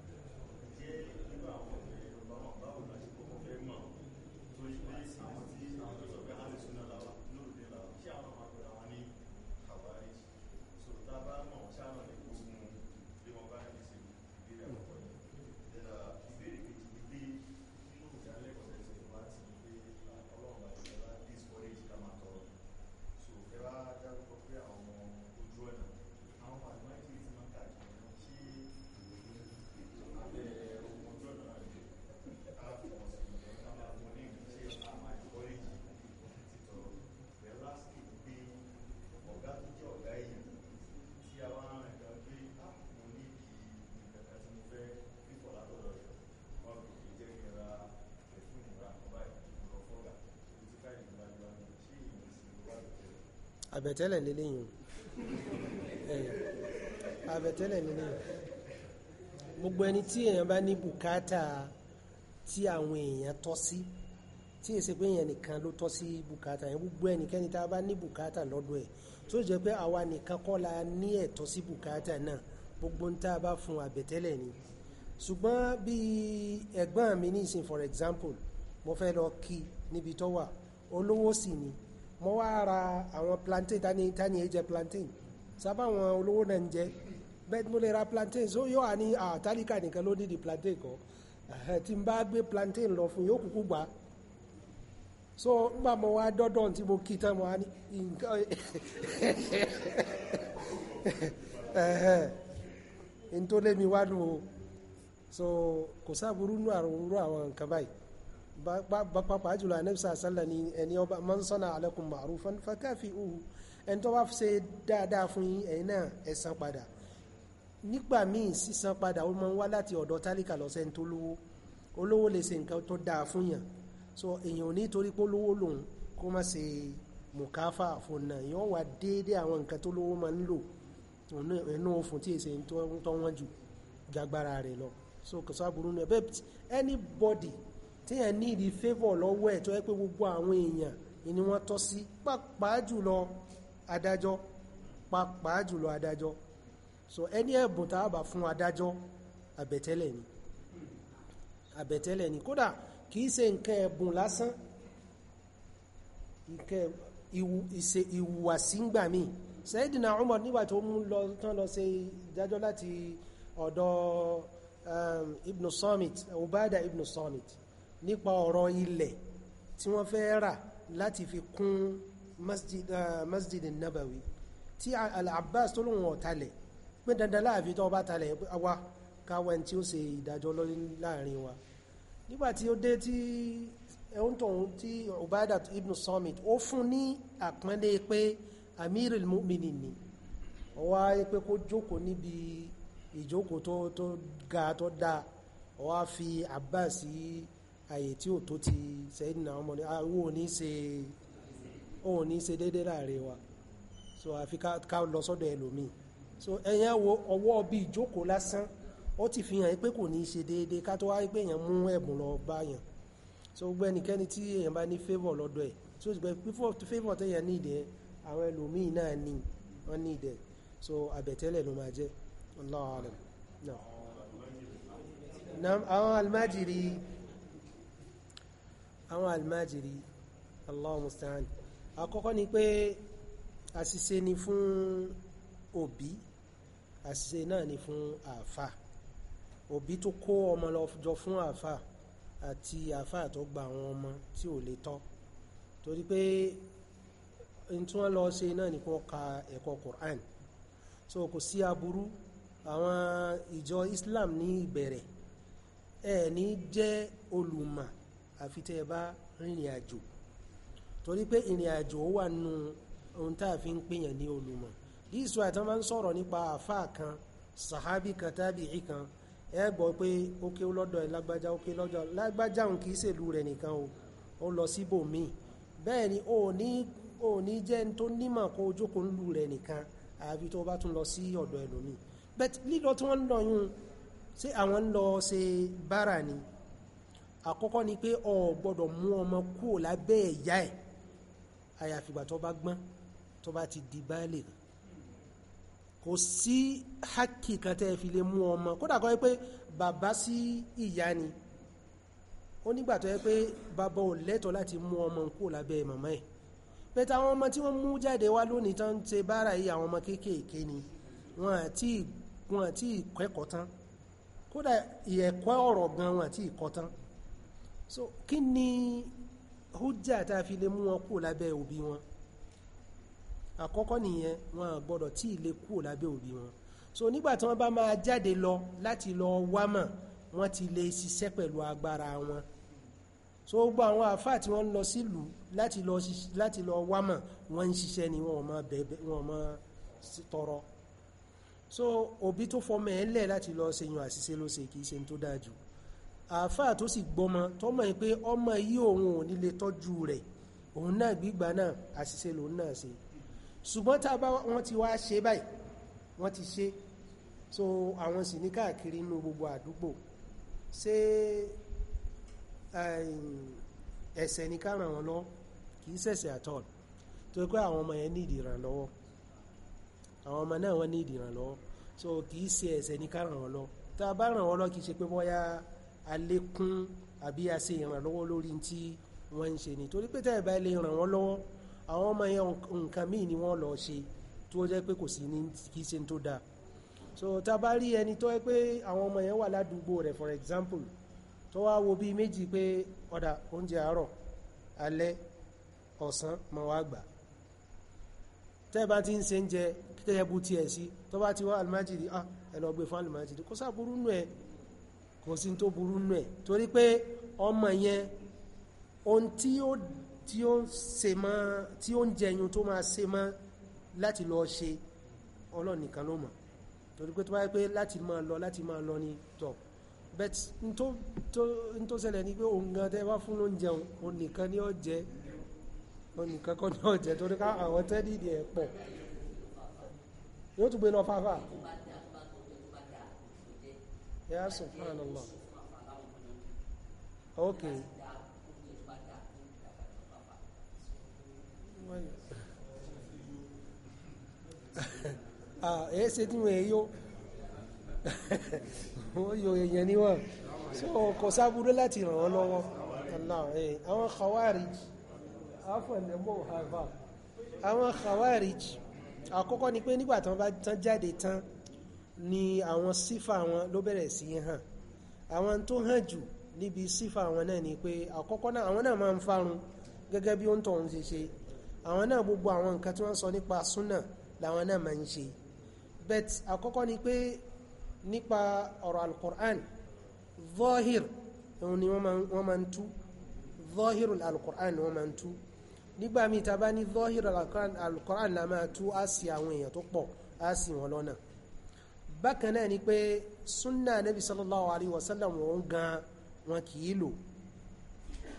S1: àbẹ̀tẹ́lẹ̀ lélẹ́yìn àbẹ̀tẹ́lẹ̀ lélẹ́yìn gbogbo ẹni tí èèyàn bá ní bùkátà tí àwọn èèyàn tọ́ sí tí èsè pé èèyàn nìkan ló tọ́ sí bùkátà yẹn gbogbo ẹnikẹ́ni tá a bá ní bùkátà lọ́dọ̀ ẹ̀ tó jẹ́ pé àwa nìkan kọ́ la ní ẹ̀tọ́ sí bùkátà náà gbogbo ń tá a bá fún àbẹ̀tẹ́lẹ̀ ni ṣùgbọ́n bí ẹ̀gbọ́n mi nísìn for example mo fẹ́ lọ kí níbi tó wà olówó sì ni mo wá ra àwọn plantain tani tani ẹ jẹ plantain sábà àwọn olówó náà ń jẹ bẹ́ẹ̀ mo lè ra plantain so yóò wá ní àtàlíkà nìkan ló ní di plantain kọ́ tí n bá gbé plantain lọ fún yóò kúkú gbà so nígbà mo wá dọ́dọ̀ tí mo kí tán mo wá ní nǹkan n tó lé mi wá nù o so kò sáà burú nù àrùn àwọn nǹkan báyìí pàápàá jùlọ anabi sàṣàlà ni ẹni ọba man sana alakum ma'rufan fakafi'uhu ẹni tó bá ṣe dáadáa fún yín ẹ̀yin náà ẹ san padà nígbà míì sísan padà ó máa ń wá láti ọ̀dọ̀ tálíkà lọ́sẹ̀ tó lówó olówó lè ṣe nǹkan tó dáa fún yàn so èèyàn ò ní torí pé olówó lòun kó má ṣe mùkáfà fún náà yóò wá déédéé àwọn nǹkan tó lówó máa ń lò ẹnu òfun tí èsè tó wọ́n jù jagbára rẹ̀ lọ so kò sábúrú ní ẹ bẹ́ẹ̀ anybody téèyàn ní ìdí favour lọ́wọ́ ẹ̀ tó yẹ pé gbogbo àwọn èèyàn ni wọ́n tọ́ sí pàápàá adájọ́ pàápàá adájọ́ so ẹni ẹ̀bùn tá a bá fún adájọ́ àbẹ̀tẹ́lẹ̀ ni àbẹ̀tẹ́lẹ̀ ni kódà kìí ṣe nǹkan ẹ̀bùn lásán ìṣe ìwùwàsí ń gbà mí Sayyidina Umar nígbà tó mú lọ tán lọ ṣe ìdájọ́ láti ọ̀dọ̀ um, Ibn Samit Ubada Ibn Samit nípa ọ̀rọ̀ ilẹ̀ tí wọ́n fẹ́ rà láti fi kún masjid eh, masjid nabawi tí al-abbas tó lóun ọ̀talẹ̀ pé dandan láàfin tó bá talẹ̀ wá káwẹ́ tí ó ṣe ìdájọ́ láàrin wa nígbàtí ó dé tí ẹ̀hún tóun tí ubadat ibn summit ó fún ní àpọ́nlé pé amirul mu'minin ni ó pé kó jókòó níbi ìjókòó tó ga tó dáa ó fi abbas yìí àyè tí ò tó ti Sayyidina Umar ní àwọn ò ní ṣe ò ní ṣe déédéé láàrin wa so àfi ká lọ sọ́dọ̀ ẹlòmíì so ẹ̀yàn wo ọwọ́ bíi ìjókòó lásán ó ti fi hàn pé kò ní ṣe déédéé ká tó wá pé èèyàn mú ẹ̀bùn lọ báyàn so gbogbo ẹnikẹ́ni tí èèyàn bá ní favour lọ́dọ̀ ẹ̀ so gbẹ favour téèyàn ní ìdẹ àwọn ẹlòmíì náà ní wọ́n ní ìdẹ so àbẹ̀tẹ́lẹ̀ ló máa jẹ́ Allahu náà àwọn almajiri àwọn almajiri Allahu musta'an àkọ́kọ́ ni pé àṣìṣe ni fún òbí àṣìṣe náà ni fún àfà òbí tó kó ọmọ lọ jọ fún àfà àti àfà tó gba àwọn ọmọ tí ò lè tọ́ torí pé n tí wọ́n lọ ṣe náà ni kó ka ẹ̀kọ́ Qur'an so kò sí aburú àwọn ìjọ Islam ní ìbẹ̀rẹ̀ ẹ̀ ní jẹ́ olùmọ̀ àfi tẹ́ ẹ bá rìnrìn àjò torí pé ìrìn àjò wà nù ohun tá a fi ń pèyàn ní olùmọ̀ díìsù àti wọn máa ń sọ̀rọ̀ nípa àfa kan sàhábì kan tábìí kan ẹ gbọ́ pé ó ké lọ́dọ̀ ẹ lágbájá ó ké lọ́dọ̀ lágbájá òun kì í ṣèlú rẹ̀ nìkan o ó lọ síbòmíì bẹ́ẹ̀ ni ó ní ó ní jẹ́ tó nímọ̀ kó jókòó ń lu rẹ̀ nìkan àbí tó bá tún lọ sí ọ̀dọ̀ ẹlòmíì bẹ́ẹ̀ lílọ tí wọ́n ń lọ yún ṣé àwọn ń lọ ṣe bára ni àkọ́kọ́ ni pé o gbọ́dọ̀ mú ọmọ kúrò lábẹ́ ìyá ẹ̀ àyàfìgbà tó bá gbọ́n tó bá ti di báálẹ̀ kò sí hákì kan tẹ́ fi lè mú ọmọ kódà kọ́ pé bàbá sí ìyá ni ó nígbà tó yẹ pé bàbá ò lẹ́tọ̀ọ́ láti mú ọmọ kúrò lábẹ́ màmá ẹ̀ bẹ́ẹ̀ táwọn ọmọ tí wọ́n mú jáde wá lónìí tán ń ṣe bára yìí àwọn ọmọ kéékèèké ni wọn àti wọn àti ìkẹ́kọ̀ọ́ tán kódà ìyẹ̀kọ́ ọ̀rọ̀ gan wọn àti ìkọ́ tán so kí ni hujja tá a fi lè mú wọn kúrò lábẹ́ òbí wọn àkọ́kọ́ nìyẹn wọn gbọ́dọ̀ tí ì kúrò lábẹ́ òbí wọn so nígbà tí wọ́n bá máa jáde lọ láti lọ wámọ̀ wọ́n ti lè ṣiṣẹ́ pẹ̀lú agbára wọn so gbogbo àwọn àfáà tí wọ́n lọ sílùú láti lọ láti lọ wámọ̀ wọ́n ń ṣiṣẹ́ ni wọ́n máa bẹ̀bẹ̀ wọ́n máa tọrọ so òbí tó fọmọ ẹ̀ lẹ̀ láti lọ ṣèyàn àṣìṣe ló ṣe kì í ṣe tó dáa jù àáfàá tó sì gbọmọ tọmọ yìí pé ọmọ yìí òun ò ní lè tọ́jú rẹ̀ òun náà gbígbà náà àṣìṣe lòun náà ṣe ṣùgbọ́n tá a bá wọ́n ti wá ṣe báyìí wọ́n ti ṣe so àwọn sì ní káàkiri inú gbogbo àdúgbò ṣé ẹ̀ṣẹ̀ ní ká ràn wọ́n lọ kì í ṣẹ̀ṣẹ̀ àtọ̀ tó pé àwọn ọmọ yẹn ní ìdìrànlọ́wọ́ àwọn ọmọ náà wọ́n ní ìdìrànlọ́wọ́ so kì í ṣe ẹ̀ṣẹ̀ ní ká ràn wọ́n lọ tá a bá ràn wọ́n lọ kì í ṣe pé bóyá alékún àbí a ṣe ìrànlọ́wọ́ lórí tí wọ́n ń ṣe ni torí pé tẹ́ẹ̀ bá lè ràn wọ́n lọ́wọ́ àwọn ọmọ yẹn nǹkan míì ni wọ́n lọ ṣe tó jẹ́ pé kò sí ní kí ṣe tó dáa so ta bá rí ẹni tó yẹ pé àwọn ọmọ yẹn wà ládùúgbò rẹ̀ for example tó wá wo bíi méjì pé ọ̀dà oúnjẹ àárọ̀ alẹ́ ọ̀sán mọ̀ wá gbà tẹ́ bá ti ń ṣe ń jẹ kẹ́kẹ́ bu tiẹ̀ sí tó bá ti wá almajidi ah ẹ lọ gbé fún almajidi kó sáà burú nù ẹ̀ kò sí tó burú nù ẹ̀ torí pé ọmọ yẹn ohun tí ó tí ó ṣe mọ́ tí ó ń jẹyun tó máa ṣe mọ́ láti lọ ṣe Ọlọ́run nìkan ló mọ̀ torí pé tó bá yẹ pé láti máa lọ láti máa lọ ni tọ̀ but n tó ṣẹlẹ̀ ni pé òun gan tẹ́ wá fún ló ń jẹun òun nìkan ni ó jẹ òun nìkan kọ́ ni ó jẹ torí ká àwọn tẹ́lẹ̀ ẹ̀ pọ̀ yóò tún gbé lọ fáfá ya subhanallah okay ah ẹ ṣe tí wọ́n yóò wọ́n yóò èèyàn ní wọ́n so kò sábúrú láti ràn wọ́n lọ́wọ́ àwọn khawarij afọ̀nẹ́mọ̀ harvard àwọn khawarij àkọ́kọ́ ni pé nígbà tán bá tán jáde tán ni àwọn sífà wọn ló bẹ̀rẹ̀ sí hàn àwọn tó hàn jù níbi sífà wọn náà ni pé àkọ́kọ́ náà àwọn náà máa ń farun gẹ́gẹ́ bí ó ń tọ̀hún ṣe ṣe àwọn náà gbogbo àwọn nǹkan tí wọ́n sọ nípa súnà làwọn náà máa ń ṣe bet àkọ́kọ́ ni pé nípa ọ̀rọ̀ alukur'an zahir òun ni wọ́n máa ń tú zahir alukur'an wọ́n máa ń tú nígbà míì tá a bá ní zahir alukur'an la máa tú á sí àwọn èèyàn tó pọ̀ á sì wọn lọ́nà bákan náà ni pé súnà nabi sallallahu alayhi wa sallam wọn gan wọn kì í lò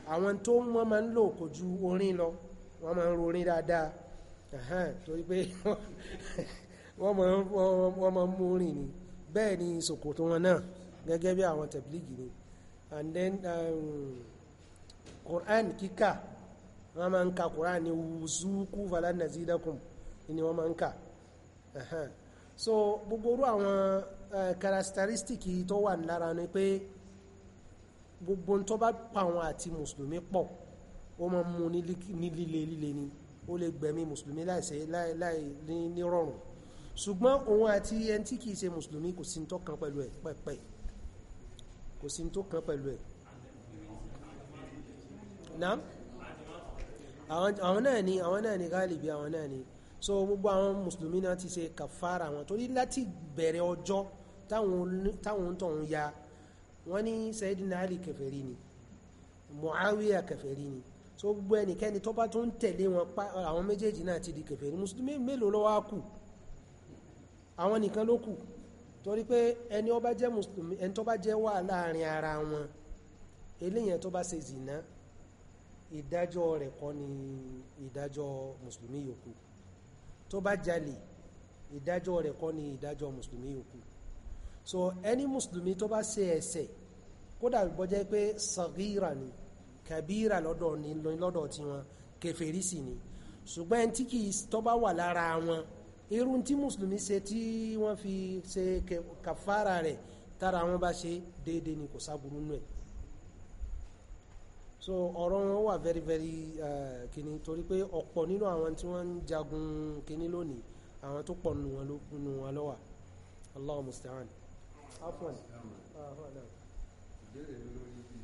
S1: àwọn tó wọn máa ń lò kò ju orin lọ wọn máa ń rorin dáadáa torí pé wọ́n máa ń mú orin ni bẹ́ẹ̀ ni ṣòkòtò wọn náà gẹ́gẹ́ bí àwọn tẹ̀blígì ni and then um, Quran kíkà wọ́n máa ń ka Quran ni zuku falan nazidakum ni wọ́n máa ń kà so gbogbo orú àwọn characteristic tó wà lára ni pé gbogbo tó bá pa àwọn àti mùsùlùmí pọ̀ ó máa mú ní líle líle ni ó lè gbẹ̀mí mùsùlùmí láìsẹ̀ láì ní rọrùn ṣùgbọ́n òun àti ẹni tí kìí ṣe mùsùlùmí kò sí tó kan pẹ̀lú ẹ̀ pẹ̀pẹ̀ kò sí tó kan pẹ̀lú ẹ̀ náà àwọn náà ni àwọn náà ni gáàlì bí àwọn náà ni so gbogbo àwọn mùsùlùmí náà ti ṣe kàfàrà wọn torí láti bẹ̀rẹ̀ ọjọ́ táwọn tọ̀hún ya wọ́n ní Sayyidina Ali kèfèrí ni Muawiya kèfèrí ni so gbogbo ẹnikẹ́ni tó bá tó ń tẹ̀lé wọn pa àwọn méjèèjì náà ti di kèfèrí mùsùlùmí mélòó ló wá kù àwọn nìkan ló kù torí pé ẹni tó bá jẹ́ wà láàrin ara wọn eléyẹn tó bá ṣe zìnà ìdájọ́ rẹ̀ kọ́ ni ìdájọ́ mùsùlùmí yòókù tó bá jalè ìdájọ́ rẹ̀ kọ́ ni ìdájọ́ mùsùlùmí yòókù so ẹni mùsùlùmí tó bá se, ẹ̀ṣẹ̀ kódà bọ́jẹ́ pé sàgíra ni kàbíra lọ́dọ̀ ni lọ́dọ̀ tiwọn kèfèrí sì ni ṣùgbọ́n ẹni tí kì í tó bá wà lára wọn irú tí mùsùlùmí ṣe tí wọ́n fi ṣe kàfàrà rẹ̀ tára wọn bá ṣe déédéé ni kò sáburú nù ẹ̀ so ọ̀rọ̀ wọn wà very very uh, kìíní torí pé ọ̀pọ̀ nínú àwọn tí wọ́n ń jagun kìíní lónìí àwọn tó pọ̀ nù wọn nù wọn lọ́wọ́ Allahu musta'an. afwan. Ah,
S2: ìbéèrè lórí bí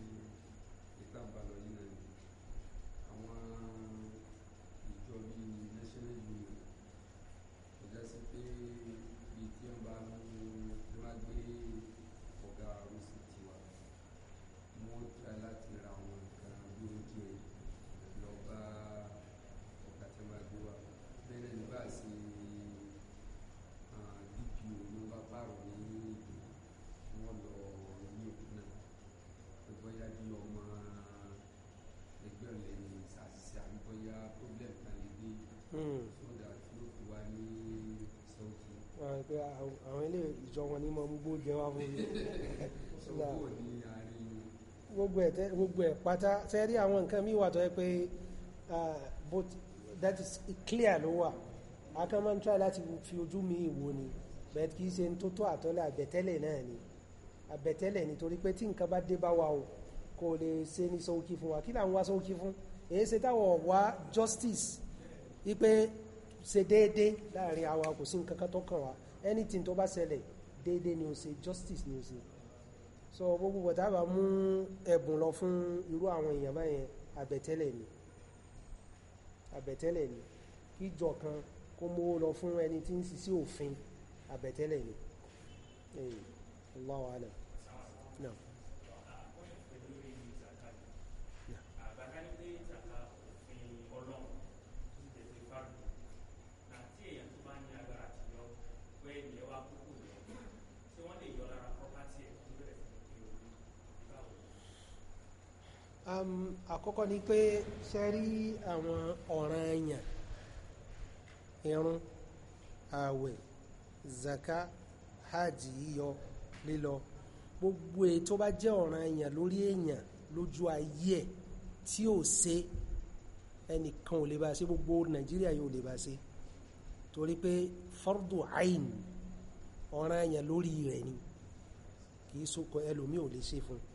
S1: ìjọ ní mọ́ gbogbo jẹ wá gbogbo ẹ̀ pátá àwọn nǹkan mí wà tó yẹ pé that is clear ló wà akọ́mọ́ntra láti fi ojú mi ìwò ni bẹ́ẹ̀ kìí ṣe tó tó àtọ́lẹ̀ àbẹ̀tẹ́lẹ̀ náà ni àbẹ̀tẹ́lẹ̀ nítorí pé tí nǹkan bá dé bá wa o kò lè ṣe ní sọ́ọ́kí fún wa kí là wá sọ́ọ́kí fún èyí ṣe táwọn wá justice Ipe ṣe déédé láàrin àwa kò sí nǹkan kan tó kàn wá anything tó bá ṣẹlẹ̀ déédéé ni o ṣe justice ni o ṣe so gbogbo bọ̀tá bá mú ẹ̀bùn lọ fún irú àwọn èèyàn báyẹn àbẹ̀tẹ́lẹ̀ ni àbẹ̀tẹ́lẹ̀ ni kíjọ kan kó mówó lọ fún ẹni tí ń sisi òfin àbẹ̀tẹ́lẹ̀ ni Allahu alam náà. àkọ́kọ́ ni pé ṣe rí àwọn ọ̀ràn èèyàn irun ààwẹ̀ zaka hajj yíyọ lílọ gbogbo èyí tó bá jẹ́ ọ̀ràn èèyàn lórí èèyàn lójú ayé ẹ̀ tí ò ṣe ẹnìkan ò lè bá ṣe gbogbo Nàìjíríà yóò lè bá ṣe torí pé fardu ain ọ̀ràn èèyàn lórí rẹ̀ ni kì í sókò ẹlòmí ò lè ṣe fún un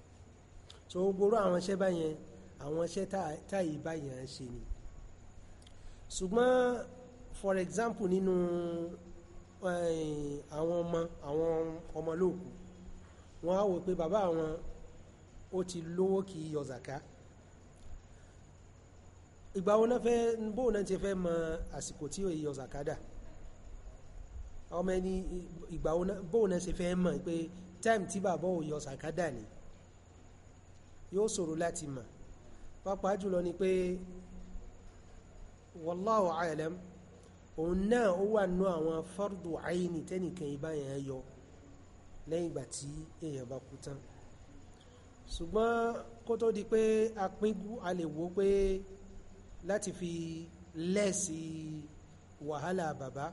S1: so gbogbo àwọn iṣẹ́ báyẹn àwọn iṣẹ́ táyì báyẹn ń ṣe ni ṣùgbọ́n for example nínú eh, àwọn ọmọ àwọn ọmọ lóòkù wọn á wò pé bàbá àwọn ó ti lówó kì í yọ zaka ìgbà wo náà fẹ́ bóun náà ti fẹ́ mọ àsìkò tí ó yọ zaka dà ọmọ ẹni ìgbà wo náà bóun náà ṣe fẹ́ mọ̀ pé time tí bàbá ò yọ zaka dà ni yóò ṣòro láti mọ̀ pàápàá jùlọ ni pé wallahu a'lam òun náà ó wà nú àwọn fardu àyíní tẹ́nìkan ibá yẹn yọ lẹ́yìn ìgbà tí èèyàn bá kú tán ṣùgbọ́n kó tó di pé apíngú a lè wò pé láti fi lẹ́ẹ̀sì wàhálà bàbá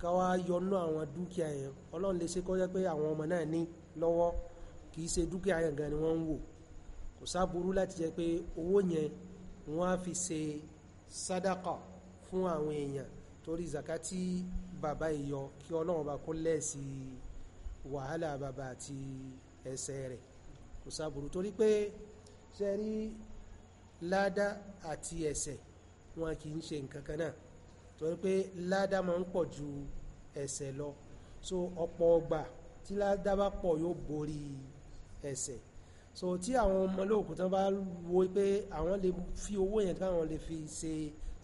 S1: káwá yọnú àwọn dúkìá yẹn ọlọ́run lè ṣe kó pé àwọn ọmọ náà ní lọ́wọ́ kìí ṣe dúkìá yẹn gan ni wọ́n ń wò kò sáburú láti jẹ́ pé owó yẹn wọ́n á fi ṣe sádàkà fún àwọn èèyàn torí zakati bàbá ìyọ kí ọlọ́run bá kó lẹ́ẹ̀sì wàhálà bàbá àti ẹsẹ̀ rẹ̀ kò sáburú torí pé ṣe rí ládá àti ẹsẹ̀ wọn kì í ṣe nǹkan kan náà torí pé ládá máa ń pọ̀ ju ẹsẹ̀ lọ so ọ̀pọ̀ ọgbà tí ládá bá pọ̀ yóò borí ẹsẹ̀ so tí àwọn ọmọ lóòkù tán bá wo pé àwọn lè fi owó yẹn káwọn lè fi ṣe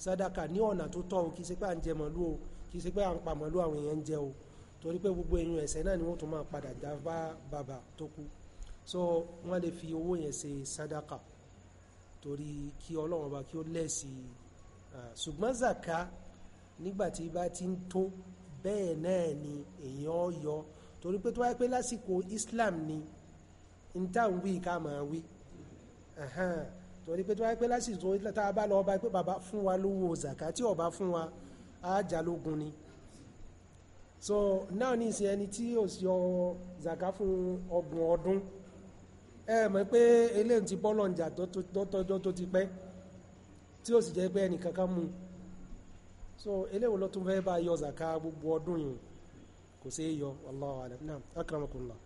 S1: sádàkà ní ọ̀nà tó tọ́ o kì í ṣe pé à ń jẹ màálù o kì í ṣe pé à ń pa màálù àwọn èèyàn ń jẹ o torí pé gbogbo ẹ̀yìn ẹ̀sẹ̀ náà ni wọ́n tún máa padà já bá bàbà tó kú so wọ́n lè fi owó yẹn ṣe sádàkà torí kí ọlọ́run bá kí ó lẹ́sì ṣùgbọ́n zaka nígbàtí bá ti ń tó bẹ́ẹ̀ náà ni èèyàn yọ torí pé tó wáyé pé lásìkò Islam ni n tá à ń wí ká máa wí torí pé tó wáyé pé lásìkò tá a bá lọ ọba pé bàbá fún wa lówó zàká tí ọba fún wa á jalógun ni so náà ní ìsìn ẹni tí ò sí ọ zàká fún ọgbọ̀n ọdún ẹ mọ̀ pé eléyìí ti bọ́ lọ́njà tọ́jọ́ tó ti pẹ́ tí ó sì jẹ́ pé ẹnìkankan mú un so eléwo ló tún fẹ́ bá yọ zàká gbogbo ọdún yìí kò sí yọ wallahu alam naam akramakumullah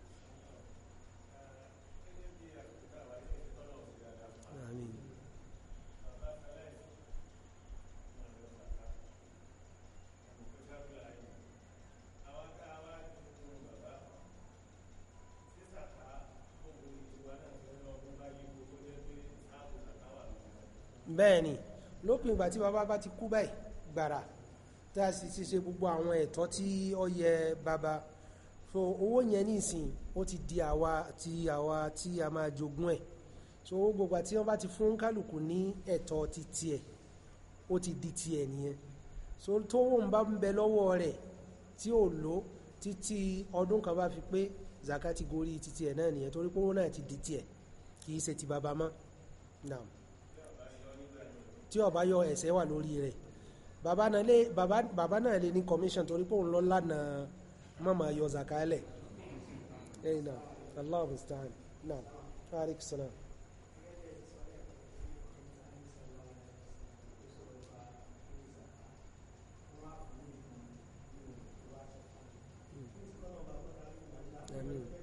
S1: bẹ́ẹ̀ ni lópin ìgbà tí bàbá bá ti kú báyìí gbàrà tá a sì ti ṣe gbogbo àwọn ẹ̀tọ́ tí ó yẹ bàbá so owó yẹn ní ìsìn ó ti di àwa ti àwa tí a máa jogún ẹ̀ so owó gbogbo àti wọn bá ti fún kálukú ní ẹ̀tọ́ ti tiẹ̀ ó ti di tiẹ̀ nìyẹn so tówó ń bá ń bẹ lọ́wọ́ rẹ̀ tí ò lò títí ọdún kan bá fi pé zakati gorí títí ẹ̀ náà nìyẹn torí pé owó náà ti di tiẹ̀ kì í ṣe ti bàbá mọ́ náà tí ó bá yọ ẹ̀ṣẹ̀ wà lórí rẹ̀ bàbá náà lè bàbá bàbá náà lè ní commission torí pé òun lọ lánàá mọ́mọ́ yọ zakalẹ̀ ẹ̀yìn náà allah mustaan náà aleykum salaam. Amen.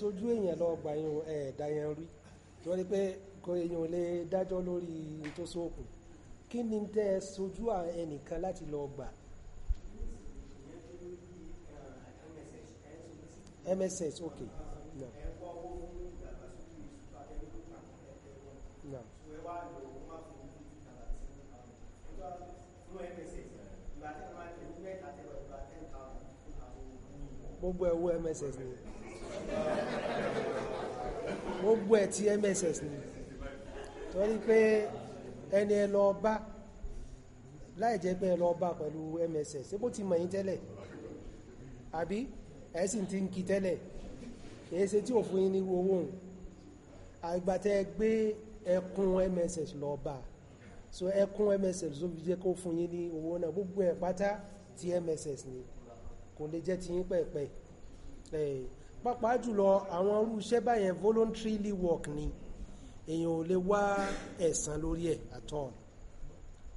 S1: sojú èèyàn lọ gbà yín ẹ̀ẹ̀dá yẹn rí torí pé kò èèyàn lè dájọ́ lórí tó sóòkùn kí ni tẹ́ ẹ sojú ẹnìkan láti lọ gbà mss ok no. No. gbogbo ẹwọ mss ni gbogbo ẹ̀ ti mss ni torí pé ẹni ẹ lọ bá láì jẹ́ pé ẹ lọ bá pẹ̀lú mss ṣé bó ti mọ̀ yín tẹ́lẹ̀ àbí ẹ sì ti ń kí tẹ́lẹ̀ èyí ṣe tí ò fún yín ní owó òun àgbà tẹ́ gbé ẹkùn mss lọ bá so ẹkùn mss ló fi jẹ́ kó fún yín ní owó náà gbogbo ẹ̀ pátá ti mss ni kò lè jẹ́ ti yín pẹ̀pẹ̀ pàápàá jùlọ àwọn irú iṣẹ́ báyẹn voluntarily work ni èèyàn ò lè wá ẹ̀san lórí ẹ̀ at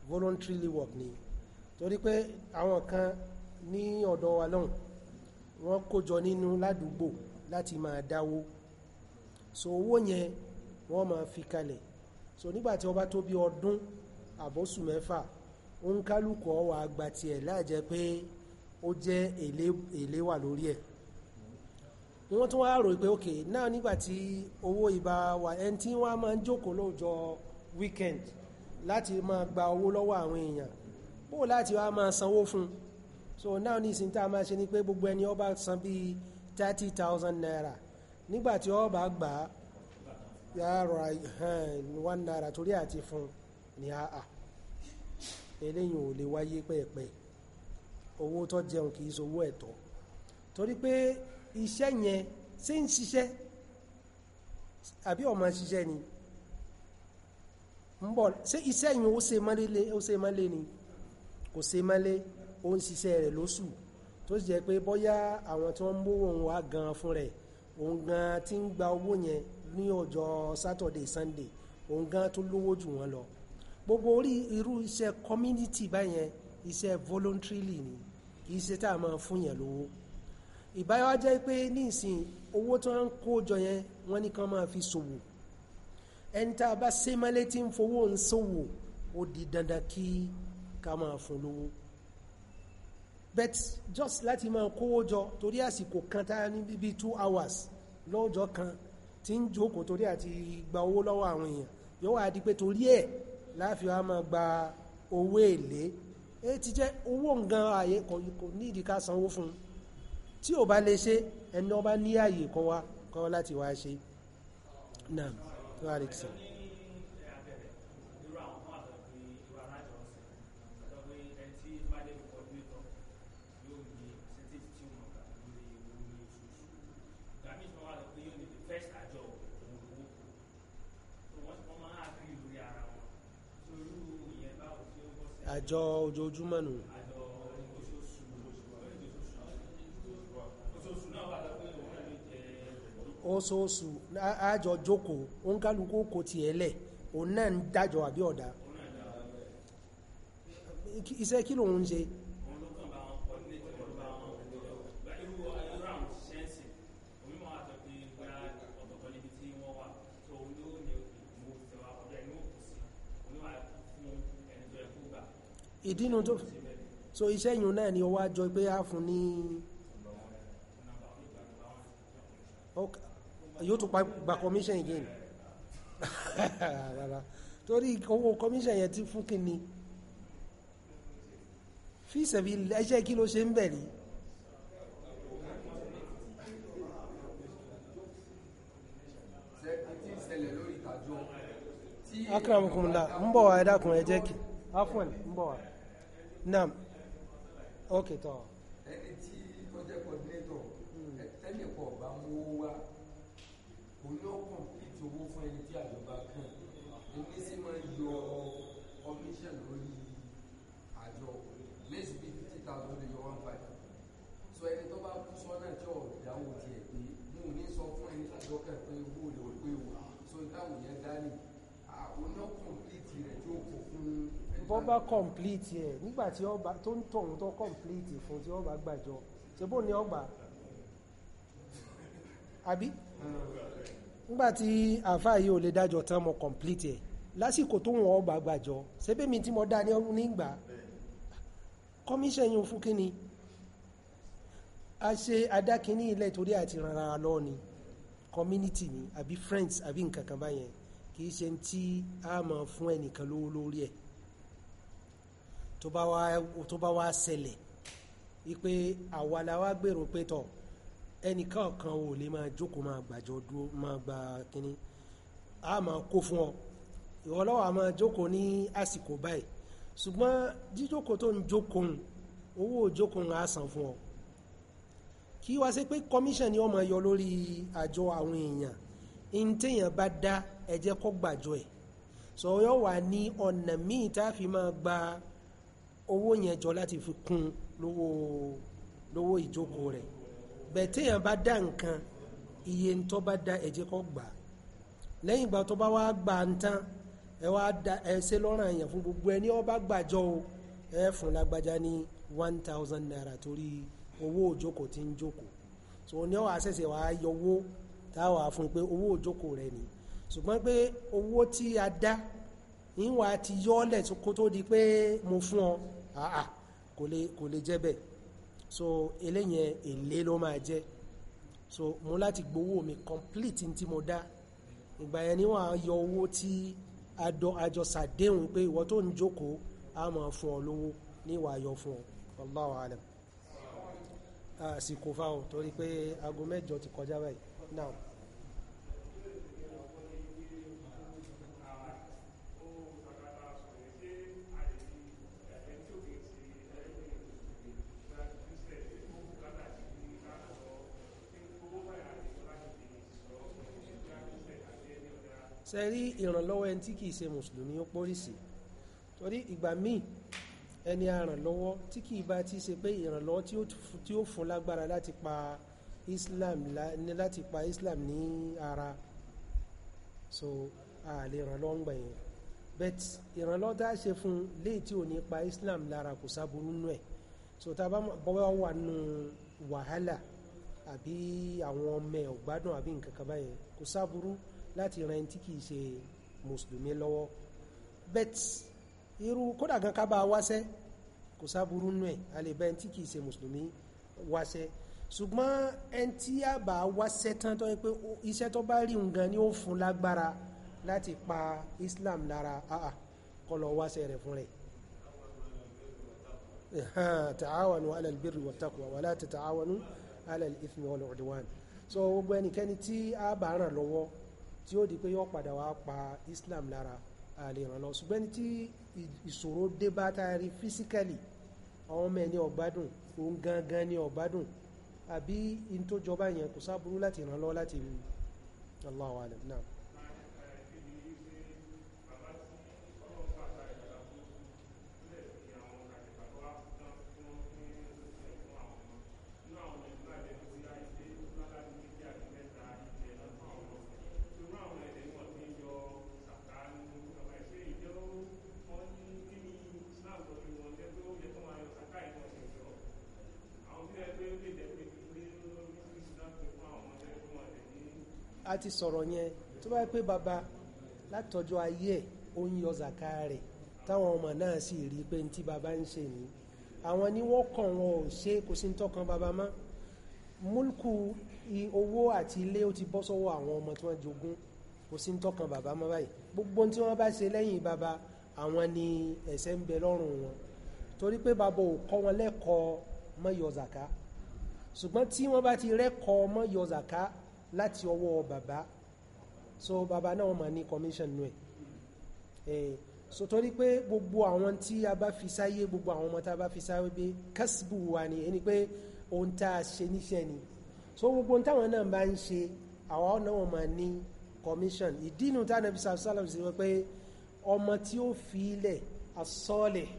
S1: voluntarily work ni torí pé àwọn kan ní ọ̀dọ̀ wa lọ́hùn wọ́n kójọ nínú ládùúgbò láti máa dáwó so owó yẹn wọ́n máa fi kalẹ̀ so nígbàtí ó bá tó bí ọdún àbọ́sù mẹ́fà ó ń kálukọ̀ wà gbàtí ẹ̀ láàjẹ́ pé ó jẹ́ èlé wà lórí ẹ̀ wọ́n tún wá rò pé ok náà nígbà tí owó ìbá wà ẹni tí wọ́n máa ń jókòó lóòjọ́ weekend láti máa gba owó lọ́wọ́ àwọn èèyàn bó láti wá máa sanwó fún so náà ní ìsìn tá a máa ṣe ni pé gbogbo ẹni ó san bíi thirty thousand naira nígbà tí ó bá gbà á yàrá one naira torí àti fún ni a à eléyìn ò lè wáyé pẹ́ẹ̀pẹ́ owó tó jẹun kì í sowó ẹ̀tọ́ torí pé iṣẹ́ yẹn ṣe ń ṣiṣẹ́ àbí ọmọ ṣiṣẹ́ ni ń bọ̀ ṣe iṣẹ́ yìí ó ṣe mọ́lé ni kò ṣe mọ́lé ó ń ṣiṣẹ́ rẹ̀ lóṣù tó jẹ́ pé bóyá àwọn tí wọ́n ń bó òun wá gan fún rẹ̀ òun gan tí ń gba owó yẹn ní ọjọ́ Saturday Sunday òun gan tó lówó jù wọ́n lọ gbogbo orí irú iṣẹ́ community báyẹn iṣẹ́ voluntarily ni iṣẹ́ tá a máa fún yẹn lówó ìbáyọ̀ jẹ́ pé ní ìsìn owó tó ń kó jọ yẹn wọ́n ní kan máa fi ṣòwò ẹni tá a bá sé mọ́lé tí ń fowó ń ṣòwò ó di dandan kí ká máa fún lówó bet just láti máa kówó jọ torí àsìkò kan tá a ní bíbí two hours lọ́jọ́ kan tí ń jókòó torí àti gba owó lọ́wọ́ àwọn èèyàn yóò wá di pé torí ẹ̀ láàfin wa máa gba owó èlé èyí ti jẹ́ owó nǹkan ààyè kò ní ìdíkà sanwó fún un tí ò bá lè ṣe ẹni ọba ní ààyè kọ́ wá kọ́ láti wá ṣe náà tó wà lẹ́kìsì àjọ ojoojúmọ́ nù oṣooṣù àjọ jókòó òun kálukú kò tiẹ̀ lẹ̀ òun náà ń dájọ àbí ọ̀dà iṣẹ́ kí lòun ń ṣe. ìdínú tó so iṣẹ́ yìí náà ni ó wá jọ pé a fún ní. Okay yóò tún gba commission again rárá torí owó commission yẹn ti fún kí ni fi sabilillah iṣẹ́ kí ló ṣe ń bẹ̀rẹ̀ akramakumullah ń bọ̀ wá ẹ dákun ẹ jẹ́ kí afwan ń bọ̀ wá naam ok tọ́
S2: ẹni tí ó jẹ́ coordinator hmm. tẹ́lẹ̀ bá mú wá olókùn fìtì owó fún ẹni tí àjọba kàn ẹni sì máa ń yọ commission lórí àjọ lẹ́sìn bíi fifty thousand lè yọ one five sọ ẹni tó bá kú sọ́nà tí ò dáwò tiẹ̀ pé mo ò ní sọ fún ẹni tàjọ kàn pé owó lè pé o so táwọn yẹn dání àwọn náà kọ̀m̀plìtì rẹ̀ tí ó kọ̀ fún ẹni. bọ́ bá
S1: kọ̀m̀plìtì ẹ̀ nígbà tí ọba tó ń tọ̀ ohun tó kọ̀m̀plìtì fún tí ọba gbàjọ ṣe bó ni ọgbà àbí nígbàtí afa yìí ò lè dájọ́ tán mo complete ẹ̀ lásìkò tó wọ́n ọba gbàjọ́ sẹ́bẹ̀ mi tí mo dá ní ọdún nígbà kọ́míṣẹ̀yìn fún kíni a ṣe adákiní ilẹ̀ torí àti rárá lọ ni community ni àbí friends àbí nǹkan kan báyẹn kìí ṣe tí a mọ̀ fún ẹnìkan lówó lórí ẹ̀ tó bá wá ṣẹlẹ̀ wípé àwa la wá gbèrò pé tọ̀ ẹnìkan kan ò lè máa jókòó máa gbàjọ dúró máa gba kínní a máa kó fún ọ ìwọ lọ́wọ́ a máa jókòó ní àsìkò báyìí ṣùgbọ́n jíjókòó tó ń jókòó owó òjókòó á san fún ọ kí wá ṣe pé commission ni wọ́n máa yọ lórí àjọ àwọn èèyàn in téèyàn bá dá ẹ jẹ́ kó gbàjọ ẹ̀ sọ yọ wà ní ọ̀nà míì tá a fi máa gba owó yẹn jọ láti fi kún lówó ìjókòó rẹ̀ bẹ́ẹ̀ téèyàn bá dá nǹkan iye tó bá dá ẹ̀jẹ̀ kọ́ gbà lẹ́yìn ìgbà tó bá wá gbà ń ẹ wá da ẹ ṣe lọ́ràn èèyàn fún gbogbo ẹni ó bá gbàjọ o ẹ fún lágbájá ní one thousand naira torí owó òjókòó tí ń jókòó so ní ọ àṣẹṣe wàá yọ owó táwa fún pé owó òjókòó rẹ ni ṣùgbọ́n pé owó tí a dá ìwà ti yọ́ ọ́lẹ̀ kó tó di pé mo fún ọ kò lè jẹ́ bẹ́ẹ̀ so eléyẹn èlé ló máa jẹ́ so mo láti gbowó mi complete tí mo dá ìgbà yẹn ni wọ́n á yọ owó tí àjọ sàdéhùn pé ìwọ tó ń jókòó a máa fún ọ lówó ní ìwà fún ọ wallahu alam àsìkò fáwọn torí pé aago mẹ́jọ ti kọjá báyìí now ṣe rí ìrànlọ́wọ́ ẹni tí kìí ṣe mùsùlùmí ó pọ́lìsì torí ìgbà míì ẹni àrànlọ́wọ́ tí kìí bá ti ṣe pé ìrànlọ́wọ́ tí ó fún lágbára láti pa Islam láti pa Islam ní ara so a lè ń gbà yẹn bet ìrànlọ́wọ́ tá a ṣe fún léè tí ò ní pa Islam lára kò sáburú nù ẹ̀ so tá a bá wà nù wàhálà àbí àwọn ọmọ ẹ̀ ò àbí nǹkan kan báyẹn kò sáburú láti ran ẹni tí kìí ṣe mùsùlùmí lọ́wọ́ bet irú kódà gan ká bá a wáṣẹ́ kò sáburú nù ẹ̀ a lè bá ẹni tí kìí ṣe mùsùlùmí wáṣẹ́ ṣùgbọ́n ẹni tí a bá a wáṣẹ́ tán tó yẹ pé iṣẹ́ tó bá rí nǹkan ni ó fún lágbára láti pa Islam lára àà kó lọ wáṣẹ́ rẹ̀ fún rẹ̀ ta'awanu ala albirri wa taqwa wa la ta'awanu ala alithmi wal udwan so gbogbo ẹnikẹ́ni tí a bá ràn lọ́wọ́ tí ó di pé yóò padà wá pa Islam lára àlè ìrànlọ́ ṣùgbọ́n tí ìṣòro dé bá tààrí físíkẹ́lì àwọn ọmọ ẹni ọ̀gbádùn òun gangan ni ọ̀gbádùn àbí in tó jọba yẹn kò sáburú láti ìrànlọ́ láti rí Allahu alam náà ti sọ̀rọ̀ yẹn tó bá pé baba látọjọ́ ayé ẹ̀ ó ń yọ zaka rẹ̀ táwọn ọmọ náà sì rí i pé ní tí baba ń ṣe ni àwọn ni wọ́n kàn wọn ò ṣe kò sí ń tọkàn baba mọ́ múlùkù owó àti ilé ó ti bọ́ sọ́wọ́ àwọn ọmọ tí wọ́n jogún kò sí ń tọkàn baba mọ́ báyìí gbogbo tí wọ́n bá ṣe lẹ́yìn baba àwọn ni ẹ̀ṣẹ̀ ń bẹ lọ́rùn wọn torí pé baba ò kọ́ wọn lẹ́kọ̀ọ́ mọ́ yọ zaka ṣùgbọ́n tí wọ́n bá ti rẹ́kọ̀ọ́ mọ́ yọ zaka láti ọwọ́ bàbá so bàbá náà wọ́n máa ní commission nù ẹ̀ so torí pé gbogbo àwọn tí a bá fi sáyé gbogbo àwọn ọmọ tá a bá fi sáyé pé kásìbù wa ni ẹni pé ohun tá a ṣe níṣẹ́ ni so gbogbo táwọn náà bá ń ṣe àwa náà wọ́n máa ní commission ìdí inú tá a nàbí sàlọ́m sí wọ́n pé ọmọ tí ó fi ilẹ̀ asọ́ọ̀lẹ̀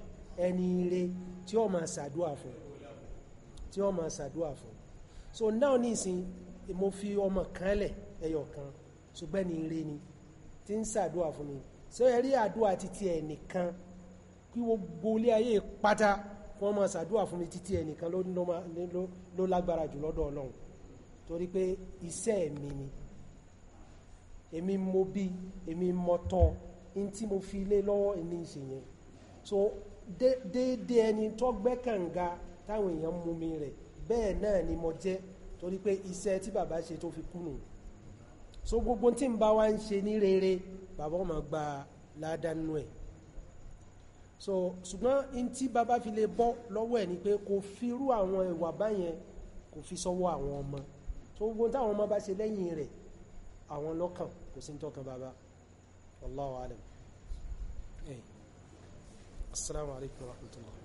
S1: ẹni ire tí ó máa ṣàdúà fún tí ó máa ṣàdúà fún so now nísìnyí mo fi ọmọ kan lẹ̀ ẹyọ kan ṣùgbọ́n ní ire ni tí ń ṣàdúà fún mi ṣé ẹ rí àdúà títí ẹ̀ nìkan kí gbogbo ilé ayé pátá wọ́n máa ṣàdúà fún mi títí ẹ̀ nìkan ló lágbára jù lọ́dọ̀ ọlọ́run torí pé iṣẹ́ mi ni èmi mo bí èmi mo tọ́ in tí mo fi lé lọ́wọ́ ní ìṣe so déédéé ẹni tó gbẹ́kànga táwọn èèyàn mú mi rẹ̀ bẹ́ẹ̀ náà ni mo jẹ́ torí pé iṣẹ́ tí bàbá ṣe tó fi kúnnù so gbogbo tí ń bá wá ń ṣe ní rere bàbá ó máa gba ládánú ẹ̀ so ṣùgbọ́n in tí bàbá fi lè bọ́ lọ́wọ́ ẹ̀ ni pé kò fi irú àwọn ìwà báyẹn kò fi sọ́wọ́ àwọn ọmọ so gbogbo táwọn ọmọ bá ṣe lẹ́yìn rẹ̀ àwọn lọ́kàn kò sí ń tọ́kàn bàbá wallahu alam Assalamu alaikum warahmatullahi